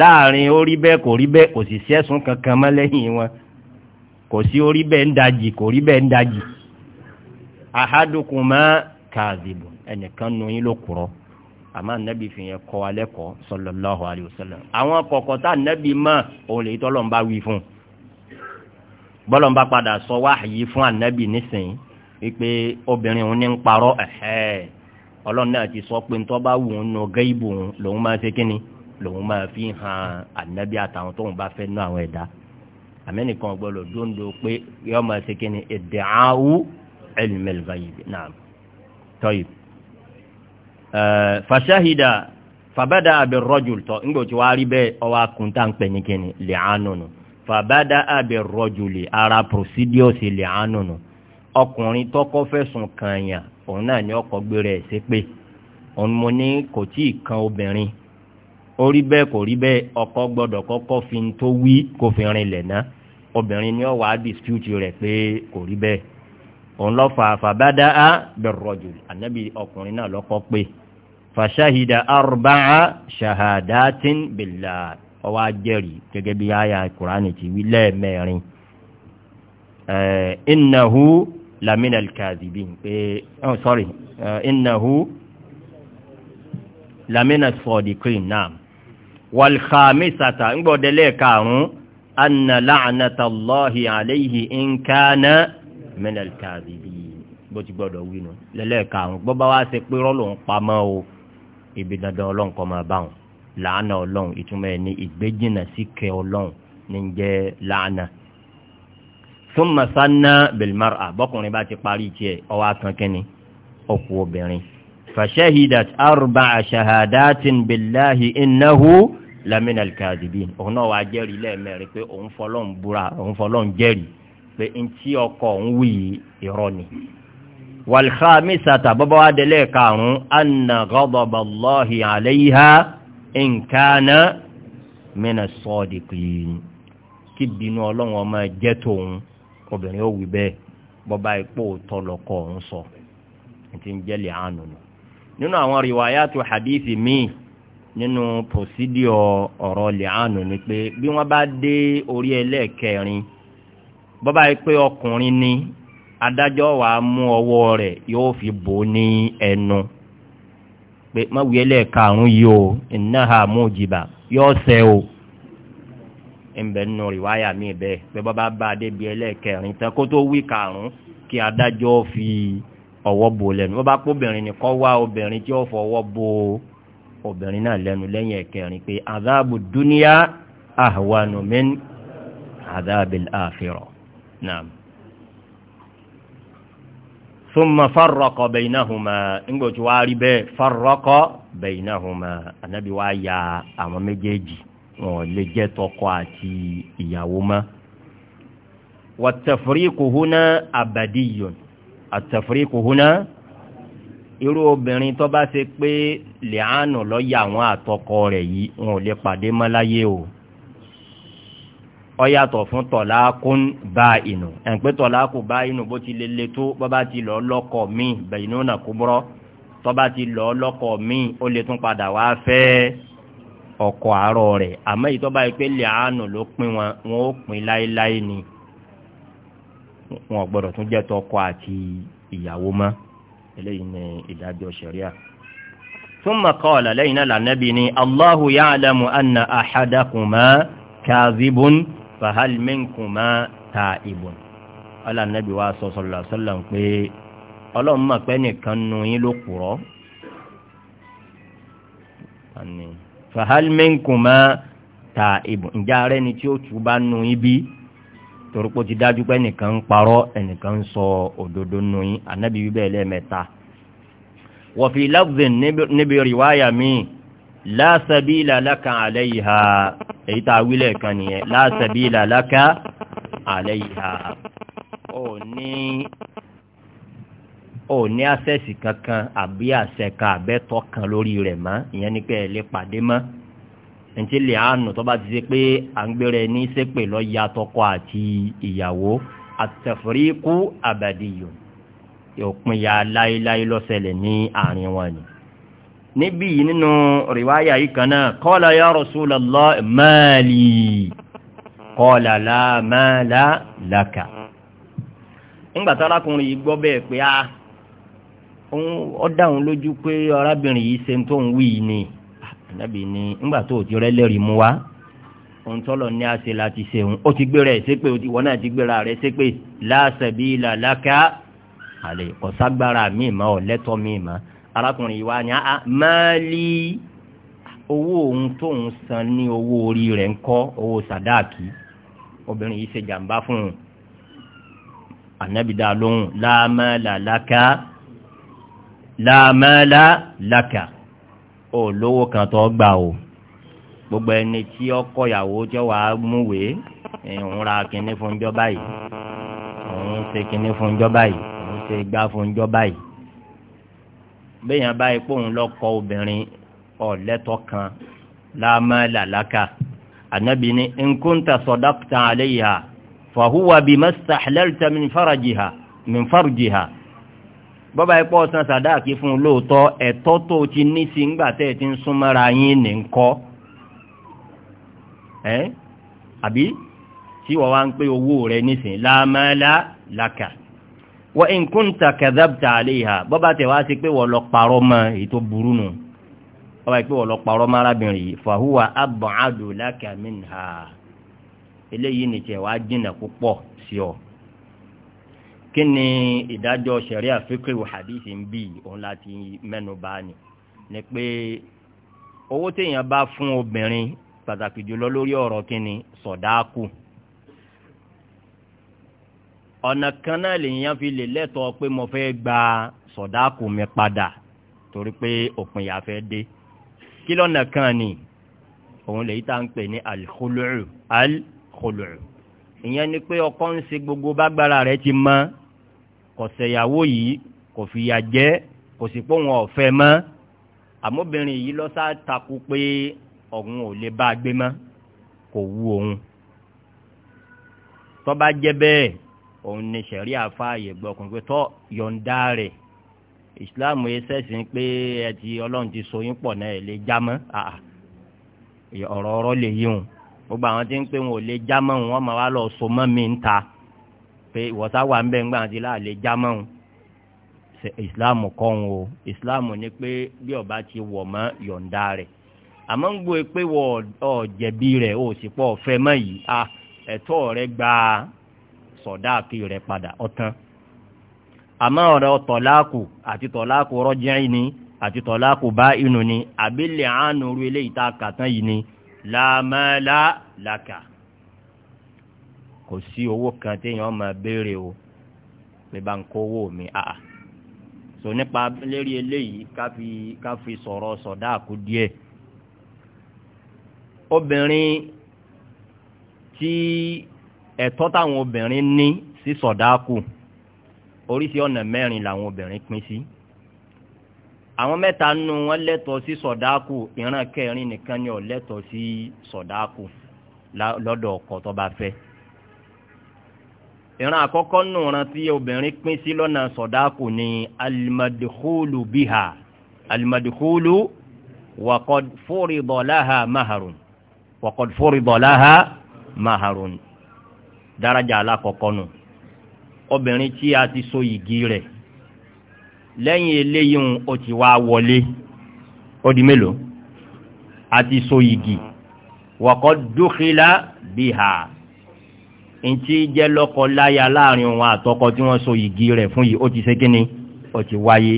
láàrin ó rí bẹ́ẹ̀ kò rí bẹ́ẹ̀ kò sì sí ẹ̀sùn kankan mọ́ lẹ́yìn wọn kò sí ó rí bẹ́ẹ̀ ń dajì kò rí bẹ́ẹ̀ ń dajì ahadukuma kàzìbù ẹnìkan nu yín ló kúrọ àmọ́ anabi fi yẹn kọ́ alẹ́ kọ́ sallallahu alayhi wa sallam àwọn kọ̀kọ́ tá anabi mọ̀ òun lè tọ́lọ̀ ń bá wí fún bọ́lọ̀ ń bá padà sọ wáàyí fún anabi nísìnyí wípé obìnrin òun ní ń parọ́ ẹ̀hẹ́ ọlọ́run náà ti sọ pé ń tọ́ bá wù ú nù gẹ́ìbù lòun máa ṣe kínni lòun máa fi hàn anabi àtàwọn tóun bá fẹ́ nú àwọn ẹ̀dá àmẹ́nìkan gbọ́dọ̀ dóńdó pé yọ máa ṣe kínni idda'u ilmil ghaib náà Eh, fàṣáhìdà fabada abirrajul to ńgbò tí wàá rí bẹ́ẹ̀ ọwọ́ akúntà ń pè ní kíni le fàbádà abirrajuli ara procedures lẹ́hánùnù ọkùnrin tọkọ fẹ̀sùn kàn yàn òun náà ni oko gbere ẹ̀ pe pé òun mo ní kan obìnrin ó rí ko kò rí bẹ́ẹ̀ ọkọ gbọ́dọ̀ kọ́kọ́ fi ń tó wí fi obìnrin ni o wa dispute rẹ̀ pé kò rí bẹ́ẹ̀ òun lọ fà fàbádà fàṣáhìdà arba'a ṣahadatin billah ọwọ́ ajẹ́rì gẹ́gẹ́ bí àyà kùránì ti wí lẹ́ẹ̀mẹ́rin eh, innahu lamina alkazibin pé oh sorry eh, innahu lamina sadiqin naam walkhamisata ń gbọ́dẹ̀ lẹ́ẹ̀karùn-ún anna la'natallahi alayhi in kana min alkazibin bó ti gbọ́dọ̀ wí nù lẹ́lẹ́ẹ̀karùn-ún gbọ́bá wá ṣe pé rọ́lùn pamọ́ o ibi dandan ọlọ́run kọ́ máa bá wọn làánà ọlọ́run ìtumọ̀ ẹ̀ ní ìgbéjìnà sí kẹ ọlọ́run ní jẹ́ làánà. súnmọ̀ sanna bilmar abọ́kùnrin bá ti parí tiẹ̀ ọwọ́ akankẹ́ni ọkù obìnrin. fashahidat arba'a shahadatin billahi innahu lamina alkazibin òun náà wàá jẹ́rìí lẹ́ẹ̀mẹ́rin pé òun fọlọ́n búra òun fọlọ́n jẹ́rìí pé ntí ọkọ òun wí irọ́ ni. والخامسة بابا دليك أن غضب الله عليها إن كان من الصادقين كبين الله وما جتهم وبين يوي به بابا يقول طلق ونصر انتين جلي عنه nínú àwọn rìwáyàtò hadithi míì nínú pòsídìọ ọ̀rọ̀ lẹ́hànù ni pé bí wọ́n bá dé orí ẹlẹ́ẹ̀kẹrin bọ́bá yìí pé ọkùnrin ni adájọ́ wa mú ọwọ́ rẹ̀ yóò fi bò ní ẹnu pé má wí ẹlẹ́ẹ̀ka àrùn yìí o ìnáha mújìbà yóò sẹ́ o ẹnbẹ̀ nù rìwáyà mi bẹ́ẹ̀ pé bàbá bá a débi ẹlẹ́ẹ̀kẹrin tán kó tó wí karùn kí adájọ́ fi ọwọ́ bò lẹ́nu bàbá kóbìnrin nìkan wá obìnrin tí ó fọwọ́ bò obìnrin náà lẹ́nu lẹ́yìn ẹ̀kẹrin pé adáàbò dúníà ahwanu min adáàbò àfẹ́rọ̀ náà. ثم فرق بينهما انغو جواري به فرق بينهما النبي ya àwọn méjèèjì wọ́n lè jẹ́ tọkọ àti ìyàwó mọ́ والتفريق هنا أبدي التفريق هنا irú obìnrin tó bá ṣe pé lẹ́àánú lọ́ọ́ yà wọ́n àtọkọ rẹ̀ yìí wọn lè pàdé mọ́ láyé o. ọyàtọ̀ fún tọ̀láàkún bá inú ẹ̀ ń pé tọ̀láàkún bá inú bó ti lele tó bọ́bá ti lọ lọ́kọ̀ míì bẹ̀yìn náà kú bọ́rọ́ tọ́bá ti lọ lọ́kọ̀ míì ó lè tún padà wá fẹ́ ọkọ̀ àárọ̀ rẹ̀ àmọ́ èyí tọ́ba yìí pé lè àánú ló pín wọn wọn ó pín láéláé ni wọn ò tún jẹ́ tọkọ àti ìyàwó mọ́ eléyìí ni ìdájọ́ ṣẹ̀ríà. ثم قال لينا لنبني الله يعلم أن أحدكما كاذب fahal minkuma ta'ibun ọlá nàbí wa sọ sọlọ sọlọ pé ọlọ́run mọ̀ pé nìkan nu yín ló kúrọ́ fahal minkuma ta'ibun ǹjẹ́ ara ẹni tí ó tù bá nu yín bí torípò ti dájú pé ẹnìkan ń parọ́ ẹnìkan ń sọ òdodo nu yín ànábì wíbẹ̀ lẹ́ẹ̀mẹ́ta wọ́n fi lafdhin níbi rìwáyà míì la sabila laka alayha èyí tá a wílẹ̀ kan nìyẹn la sabila laka alayha ó ní ó ní àṣẹ̀sì kankan àbí àṣẹ kan àbẹ́tọ́ kan lórí rẹ̀ mọ́ ìyẹn ni pé ẹ lè pàdé mọ́ ẹ̀ǹtí lè àánú tó bá ti ṣe pé à ń gbére ní sépè lọ ya tọkọ àti ìyàwó àtẹ̀fọ́rí kú àbàdìyàn òpin ya láéláé lọ́sẹ̀lẹ̀ ní àárín wọn ni. níbí nínú rìwáyà yìí kan náà kọ́lá ya rasulallah máàlì kọ́lá láàmàlá lákà ńgbàtà arákùnrin yìí gbọ́ bẹ́ẹ̀ pé a ah, ó dáhùn lójú pé arábìnrin yìí ṣe tó ń wí ni ah, ànábì ni ńgbà tó ti mú wa ohun tọ́lọ̀ ní àṣẹ láti ṣe òun ó ti gbéra ẹ̀ ṣépè ìwọ náà ti gbéra rẹ̀ ṣépè la sabila laka àlè kọ̀ságbára mi mọ́ ọ̀lẹ́tọ̀ mi arákùnrin yìí wá ní a máa lé owó òun tóun san ní owó orí rẹ̀ ń kọ́ owó sàdáàkì obìnrin yìí ṣe jàǹbá fún un ànábìdá lóhùn láàmàlà lákà láàmàlà lákà ó lówó kan tó gbà o gbogbo ẹni tí ọkọ ìyàwó jọ wàá múwèé òun ra kinní fún jọba yìí òun ṣe kinní fún jọba yìí òun ṣe gbá fún jọba yìí bẹ́yàn báyìí pé òun lọ́kọ obìnrin ọ̀lẹ́tọ̀ kan láàmà làlákà ànábì ní nkúntà sọ̀dápútà àléyà fàhùwà bí mẹ́sà àlẹ́rìtà min farajiha min farjiha bọ́bá ipò ọ̀sán sàdáàkì fún un lóòótọ́ ẹ̀tọ́ tó ti ní sí ńgbà tẹ́ ẹ ti ń súnmọ́ra yín ní ńkọ́ ẹ́ àbí tí wọ́n wá ń pé owó rẹ nísìnyí láàmà làlákà wa in kunta kadhabta alayha bọ́bá tẹ̀ wá sí pé wọ́n lọ parọ́ mọ́ èyí tó burú nù bọ́bá yìí pé wọ́n lọ parọ́ mọ́ arábìnrin yìí fahuwa ab'adu laka minha eléyìí ni tẹ̀ wá jìnnà púpọ̀ sí ọ kí ni ìdájọ́ sẹ̀ríà fíkìrì hadithi ń bì òun láti mẹ́nu bá ni ni pé owó téèyàn bá fún obìnrin pàtàkì jùlọ lórí ọ̀rọ̀ kí ni sọ̀dáàkù. So ọ̀nà kan náà lèèyàn fi lè lẹ́tọ̀ọ́ pé mo fẹ́ gba sọ̀dáàkù mi padà torí pé òpin yà fẹ́ dé kí lọ́nà kan ni òun lèyí tá à ń pè ní alkhulu'u alkhulu'u ìyẹn ni pé ọkọ ń ṣe gbogbo bágbára rẹ̀ ti mọ kò ṣèyàwó yìí kò fìyà jẹ kò sì pé òun ọ̀fẹ́ mọ́ àmóbìnrin yìí lọ́sà takú pé òun ò lè bá a gbé mọ́ kò wù òun tó bá bẹ́ẹ̀ òun ni sẹ̀rí àfààyè gbọ́kùn pé tọ́ yọ̀ǹda rẹ̀ ìsìláàmù ẹsẹ̀sì ń pé ẹ ti ọlọ́run ti so yín pọ̀ náà ẹ lè já mọ́ ọ̀rọ̀ ọ̀rọ̀ lè yí wọn gbogbo àwọn tí ń pé wọn ò lè já mọ́ wọn máa wá lọ so mọ́ mi ń ta pé ìwọ́sá wà ń bẹ̀ ńgbà tí láà lè já mọ́ wọn ìsìláàmù kọ́ wọn o ìsìláàmù ni pé bí ọba ti wọ̀ mọ́ yọ̀ǹda rẹ̀ àmọ́ ń gbọ́ pé wọ́n ọ̀ jẹ̀bi rẹ̀ ó sì pọ̀ fẹ́ mọ́ yìí ẹ̀tọ́ rẹ̀ gbàá sọ̀dáàkì rẹ̀ padà ọ̀tán àmọ́ ọ̀rọ̀ tọ̀láàkù àti tọ̀láàkù rọ́jẹ́ ni àti tọ̀láàkù bá inú ni àbílẹ̀ àánú orí ìta kàtán yìí ni làmàlà làkà kò sí owó kan téèyàn máa béèrè o pé bá ń kó owó mi so nípa lérí eléyìí sọ̀rọ̀ sọ̀dáàkù díẹ̀ obìnrin tí ẹ̀tọ́ táwọn obìnrin ní sí sọ̀dáàkù oríṣi ọ̀nà mẹ́rin làwọn obìnrin pín sí àwọn mẹ́ta nù wọ́n lẹ́tọ̀ọ́ sí sọ̀dáàkù ìran kẹrin nìkan ni ó lẹ́tọ̀ọ́ sí sọ̀dáàkù lọ́dọ̀ ọkọ tó bá fẹ́ ìran àkọ́kọ́ nù ran obìnrin pín sí lọ́nà sọ̀dáàkù ni alimadikulu biha alimadikulu wakọ̀d fúribọ̀láha maharun wakọ̀d fúribọ̀láha maharun Daraja alákọ̀ọ́kọ́ nù obìnrin tí a ti so yìgì rẹ̀ lẹ́yìn eléyìí ń o ti wá wọlé ó di mélòó a ti so yìgì wọ̀kọ́ dúkìlá bíhà ntí jẹ́ lọ́kọ láya láàrin wọn àtọkọ tí wọ́n so yìgì rẹ̀ fún yìí ó ti ṣe kínni ó ti wáyé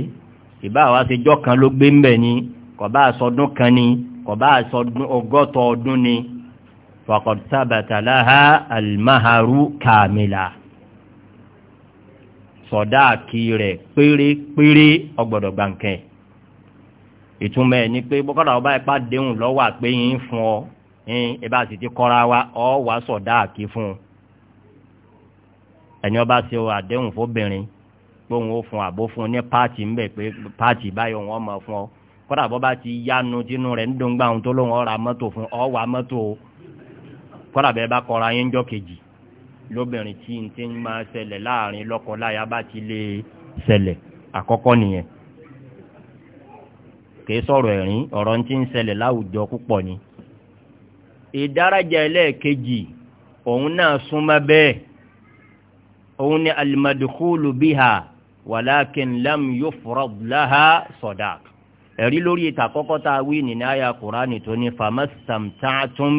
ìbá wa ṣe jọ́ kan ló gbé ń ni kò bá sọdún kan ni kò bá sọdún ọgọ́tọ̀ ọdún ni faqad thabata laha al-maharu kamila sọ̀dáàkì rẹ̀ pérépéré ọgbọ̀dọ̀ gbàǹkẹ́ ìtumọ̀ ẹ̀ ni pé bọ́kọ́dà ọba ipá déhùn lọ́wọ́ àpé yín fún ọ yín ibà sì ti kọ́ra wa ọ wàá sọ̀dáàkì fún un ẹ̀yin ọba ṣe àdéhùn fóbìnrin pé òun ó fún àbó fún ní páàtì ńbẹ pé páàtì báyọ̀ wọn mọ̀ fún ọ kọ́dà bọ́ bá ti yánu tínú rẹ̀ ń dùn gbà òun tó lóun ọ̀ra mọ́tò fún ọ wàá mọ́tò o kọ́ra bẹ́ẹ̀ bá kọ́ra yín jọ́ kejì lóbìnrin tí n ti máa ṣẹlẹ̀ láàrin lọ́kọ láya bá ti lè ṣẹlẹ̀ àkọ́kọ́ nìyẹn kì í sọ̀rọ̀ ẹ̀rín ọ̀rọ̀ ti ń ṣẹlẹ̀ láwùjọ púpọ̀ ni ìdárajà ẹlẹ́ẹ̀kejì òun náà súnmọ́ bẹ́ẹ̀ òun ni alimadukulu biha wàlákin lam yufrad laha sadaq ẹ̀rí lórí ìtàkọ́kọ́ wí nínú àyà kùránì tó ní famastamtaatum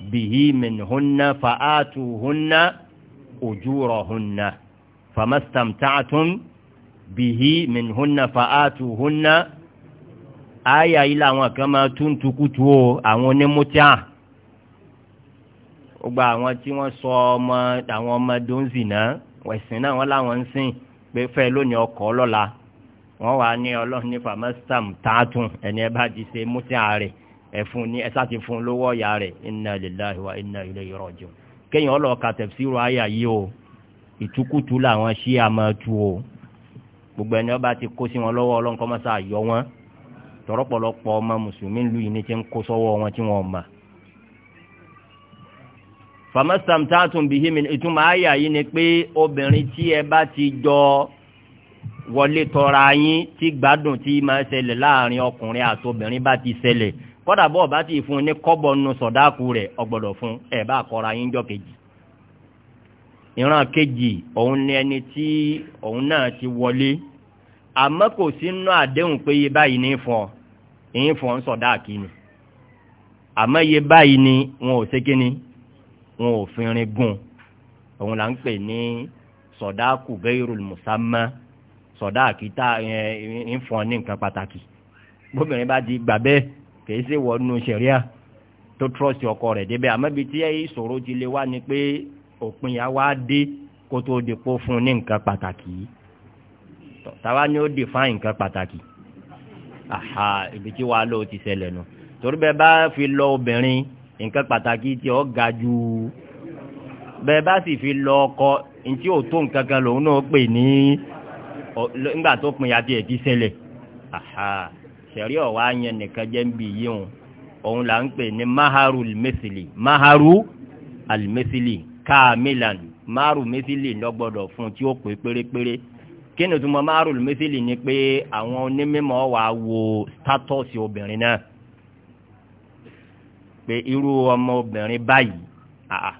bihi minhunna fa'atuhunna ujurahunna famastamta'tum bihi minhunna fa'atuhunna àyà yìí làwọn kan máa tún tukutu o àwọn onímútíà ó gba àwọn tí wọ́n sọ ọmọ àwọn ọmọ dóńzì náà wẹ̀sìn náà wọ́n láwọn ń sìn pé fẹ́ lónìí ọkọ̀ lọ́la wọ́n wà ní ọlọ́run ní famastamta'tum ẹni ẹ bá ti ṣe mútíà rẹ̀ ẹ̀fún ní ẹ̀sá ti fún lówó ọ̀yà rẹ̀ inna lillahi wa inna ilayhi raji'un kéèyàn ọlọ́ọ̀ka tafsiru àyà yìí o ìtukùtù làwọn ṣí àmọ́ tu o gbogbo ẹni ọba ti kó sí wọn lọ́wọ́ ọlọ́nkọ́ mọ́sá yọ wọn tọ̀rọ̀pọ̀lọpọ̀ ọmọ mùsùlùmí lu yìí ní ti ń kó sọ́wọ́ wọn tí wọ́n mọ̀ famastamtaatun bihimin ìtumọ̀ àyà yìí ni pé obìnrin tí ẹ bá ti jọ wọlé tọra yín tí gbádùn tí máa ṣẹlẹ̀ láàrin ọkùnrin àtobìnrin bá ti ṣẹlẹ̀ kọ́dà bọ́ ọba ti fún un ní kọ́bọ̀ nu sọ̀dáàkú rẹ̀ ọgbọ́dọ̀ fún ẹ̀ bá kọ́ra yín jọ kejì ìran kejì òun ni ẹni tí òun náà ti wọlé àmọ́ kò sínú àdéhùn pé iye báyìí ní fún ọ ìyín fún ọ ń sọ̀dáàkí ni àmọ́ iye báyìí ni wọn ò ṣe kíni wọn ò fi rin gùn òun là ń pè ní sọdáàkù gẹ́rù mùsàmá sọdáàkì tá ẹ̀ ń ní nǹkan pàtàkì gbóbìnrin bá di gbà bẹ́ẹ̀ kìí ṣe wọ nù sẹ̀ríà tó trọ́ọ̀sì ọkọ rẹ̀ débẹ̀ àmọ́ ibi tí ìṣòro ti lè wá ni pé òpin yà wá dé kó tó dìpọ̀ fún ní nǹkan pàtàkì tàwa ni ó define nǹkan pàtàkì aha ibi tí wàá lò ó ti ṣẹlẹ̀ nù torí bẹ́ẹ̀ bá fi lọ obìnrin nǹkan pàtàkì tí ó ga jù bẹ́ẹ̀ bá sì fi lọ ọkọ ntí ò tó nǹkan kan lòun náà pè ní nígbà tó pin yà tiẹ̀ ti ṣẹlẹ̀ aha sẹ̀rí ọ̀wá yẹn nìkan jẹ́ ń bì yí òun òun là ń pè ní maharu almithili maharu almithili kaamilan maharu mithili lọ́gbọ́dọ̀ fún tí ó pè pérépéré kí ni túmọ̀ maharu almithili ni pé àwọn onímọ̀ wà wo status obìnrin náà pé irú ọmọbìnrin báyìí àà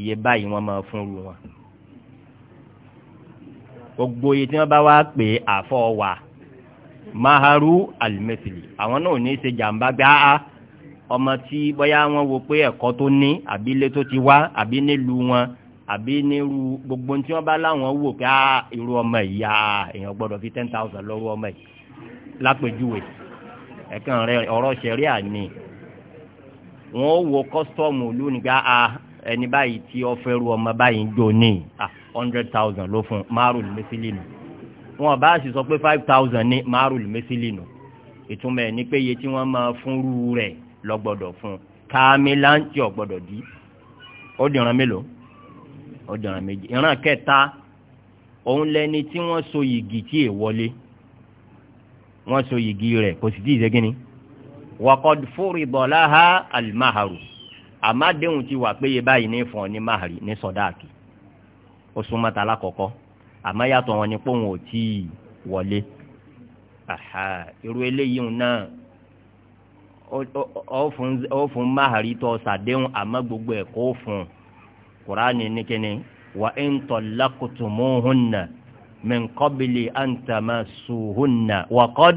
iye báyìí wọ́n máa fún wọn gbogbo iye tí wọ́n bá wá pè àfọ wà maharu alimẹsìlì àwọn náà ò ní í ṣe jàǹbá gbáà ọmọ tí bóyá wọn wo pé ẹ̀kọ́ tó ní àbí ilé tó ti wá àbí nílùú wọn àbí nírú gbogbo tí wọn bá láwọn wò pé ah, irú ọmọ yìí ah, èèyàn gbọ́dọ̀ fi ten thousand lọ́rú ọmọ yìí lápèjúwe ẹ̀kan rẹ ọ̀rọ̀ ṣẹ̀ríà ni wọn ó wo kọ́sítọ́ọ̀mù ìlú nígbà ah, ẹni báyìí tí ó fẹ́ ru ọmọ báyìí ń jò ní hundred thousand ló fún márùn-ún mẹ́sílì nù wọn bá sì sọ pé five thousand ní márùn lùmẹ́sílì nù ìtumọ̀ ẹ̀ ní pé iye tí wọ́n máa fúnrú rẹ̀ lọ́gbọ́dọ̀ fún kàmíláńtì ọ̀gbọ́dọ̀ dí ó dìran mélòó ó dìran méjì ìran kẹta òun lẹni tí wọ́n so yìgì tí è wọlé wọ́n so yìgì rẹ̀ kò sì tí ì ṣẹ́gi ni wakọd fúribọ̀lá ha alimaharu àmàdéhùn ti wà péye báyìí ní fún ní mahari ní sọdáàkì ó súnmọ́ta lákọ̀ọ́kọ́ àmọ́ yàtọ̀ wọn ni pé òun ò tí ì wọlé aha irú eléyìí náà ó fún máhàrí tó ṣàdéhùn àmọ́ gbogbo ẹ̀ kó fún kuraani ní kíni wa in tallaqtumuhunna min qabli an tamassuhunna wa qad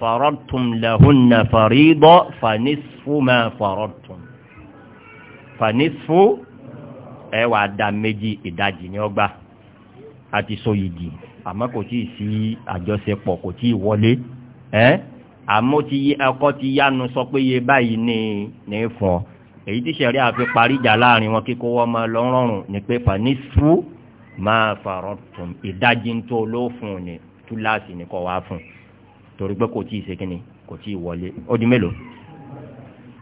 faradtum lahunna farida fanisfu ma fanisfu ẹ wàá da méjì ìdajì ni ó gbà àti so yìgì àmọ́ kò tí ì sí àjọṣepọ̀ kò tí ì wọlé ẹ́ àmọ́ ti ẹkọ ti yánu sọ pé iye báyìí ní ní fún ọ èyí tí sẹ̀rí àfi parí ìjà láàrin wọn kíkó wọn máa lọ rọrùn ni pé fanisu máa fàrọ tún ìdajì tó olófun ni túláàsì ni kò wá fún torí pé kò tí ì ṣèkínni kò tí ì wọlé ó di mélòó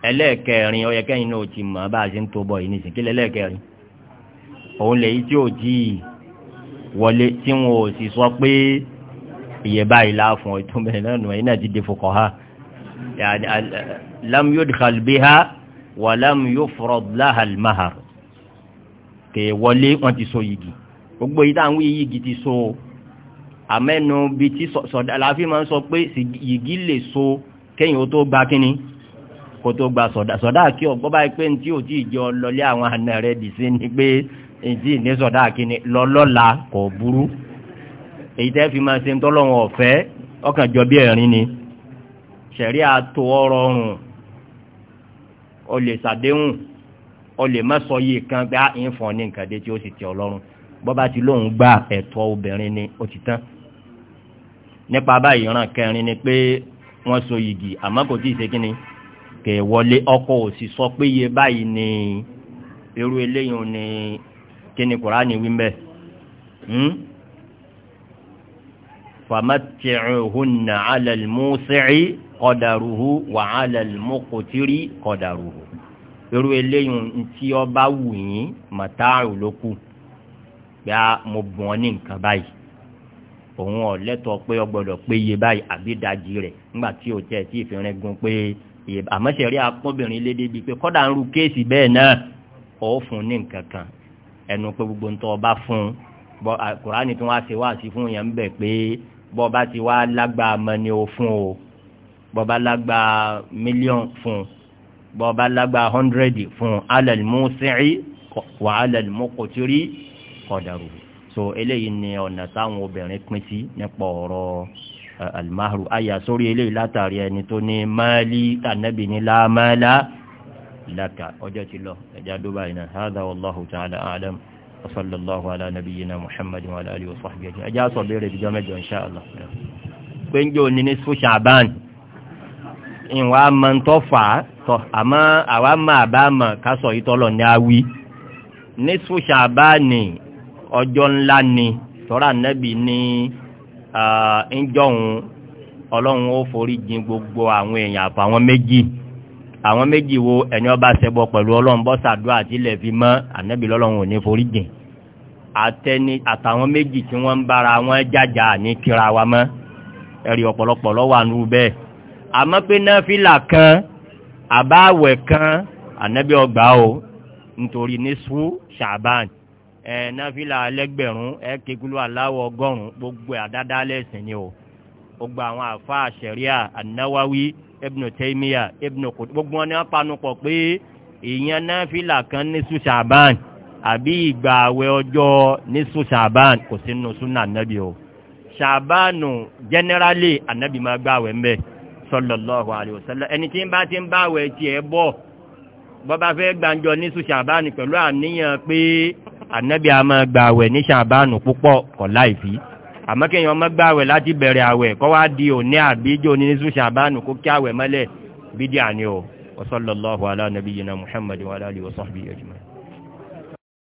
ẹlẹ́ẹ̀kẹrin ọyẹ náà ti mọ̀ bá a ṣe ń tó bọ̀ yìí nísìnyí kí lẹ́lẹ́ẹ̀kẹrin òun lèyí tí ò jí i wọlé tí wọn ò sì sọ pé iye báyìí láàfún ọ̀tún bẹ̀rẹ̀ náà nù ẹ̀yìn náà ti di fuqaha lam yudkhal biha wa lam yufrad laha al-mahar kè wọlé wọn ti so yìgì gbogbo yìí táwọn yìgì ti so àmẹ́nu bíi tí sọ̀dà láàfin máa ń sọ pé yìgì lè so kéyìn ó tó gba kínní kó tó gba sọ̀dà sọ̀dà kí ọ̀gbọ́n báyìí pé ní tí ò tí ì jọ lọlé àwọn àna rẹ̀ dì sí ni pé èdè ìnésọ̀dá kìíní lọ́lọ́la kò burú èyí tẹ́ fi máa ṣe ń tọ́lọ́wọ́n ọ̀fẹ́ ọkàn jọ bí ẹ̀rín ni ṣẹ̀rí àtò ọrọ̀ ọrùn o lè ṣàdéhùn o lè má sọ yìí kan gbá ìfọ̀n ní nǹkan dé tí ó sì ti ọlọ́run bọ́bá ti lóun gba ẹ̀tọ́ obìnrin ni ó ti tán nípa báyìí ràn kẹrin ni pé wọ́n so yìgì àmọ́ kò tí ì ṣe kí ni kè wọlé ọkọ òsì sọ péye báyìí ni irú eléyìí ni kí ni kùránì wí mbẹ́ hmm? famaticuhunna ala almusici qadaruhu wa ala almuqtiri qadaruhu irú eléyìí ntí ọba wù yín màtáàrù ló kù gbà mo bùn ọ ní nǹkan báyìí òun ò lẹ́tọ̀ọ́ pé ọ gbọ́dọ̀ pé iye báyìí àbí dajì rẹ̀ nígbà tí o tẹ̀ tí ìfìrin gun pé àmọ́sẹ̀rí akọ́bìnrin lédè bíi pé kọ́dà ń ru kéèsì bẹ́ẹ̀ náà ó fún ní nǹkan kan ẹnu pé gbogbo ntọ́ ọba fún un bọ́ kùránì tí wọ́n á ṣe wá sí fún yẹn ń bẹ̀ pé bọ́ ọba ti wá lágbàá mọ́ o fún o bọ́ ọba lágbàá mílíọ̀n fún bọ́ ọba lágbàá hundred fún un alal musi'i wa alal muqtiri qadaru so eléyìí ni ọ̀nà táwọn obìnrin pín sí nípa ọ̀rọ̀ almahru aya sórí eléyìí látàrí ẹni tó ní máàlì tànàbì ní láàmàlà laka ọjọ́ ti lọ ẹ̀já dúbà iná hádà wallahu ta'ala alam wa sallallahu ala nabiyyina muhammadin wa alihi wa sahbihi ajma'in ẹjá sọ béèrè ìjọ mẹ́jọ insha Allah pé ń jò ní ní sùn ṣàbán ìwà mọ̀ntọ́ fà á tọ̀ àmọ́ àwa máa bá mọ̀ kásọ̀ yìí tọ́lọ̀ ní awí ní sùn ṣàbán ọjọ́ ńlá ni tọ́ra nẹ́bì ní ǹjọ́hun ọlọ́run ó forí jìn gbogbo àwọn èèyàn àfàwọn méjì àwọn méjì wo ẹ̀yin ọba ṣẹbọ pẹ̀lú ọlọ́run bọ́ sàdúrà àti ilẹ̀ fi mọ́ ànábì lọ́lọ́run ò ní forí jìn àtẹni àtàwọn méjì tí wọ́n ń bára wọn jàjà ní kíra wa mọ́ ẹ̀rí ọ̀pọ̀lọpọ̀ lọ́wọ́ àánú bẹ́ẹ̀ àmọ́ pé náfìlà kan àbáwẹ̀ kan ànábì ọgbà o nítorí nísú ṣàbán ẹ náfìlà ẹlẹ́gbẹ̀rún ẹ kékulú aláwọ̀ ọgọ́rùn-ún gbogbo àdádálẹ̀ ẹ̀sìn ni o gbogbo àwọn àfa àṣẹríà ànáwáwí ibn taymiya ibn kòtò gbogbo wọn ni wọn panu pọ̀ pé èèyàn náfìlà kan ní sùsàbán àbí ìgbà àwẹ̀ ọjọ́ ní sùsàbán kò sínú súnà nàbí o sàbánù generally ànábì máa gbà àwẹ̀ ńbẹ sallallahu alayhi wa sallam ẹni tí ń bá ti ń bá àwẹ̀ tiẹ̀ bọ̀ bọ́bá fẹ́ gbàǹjọ ní sùsàbán pẹ̀lú àníyàn pé ànábì á gbà àwẹ̀ ní sàbánù púpọ̀ kọ̀ láìfí àmọ́ kéèyàn má gbà àwẹ̀ láti bẹ̀rẹ̀ àwẹ̀ kọ́ wá di òní àbíjó ní ṣùṣà àbánu kó kí àwẹ̀ mọ́lẹ̀ bídí àní o wa muhammad wa alihi wa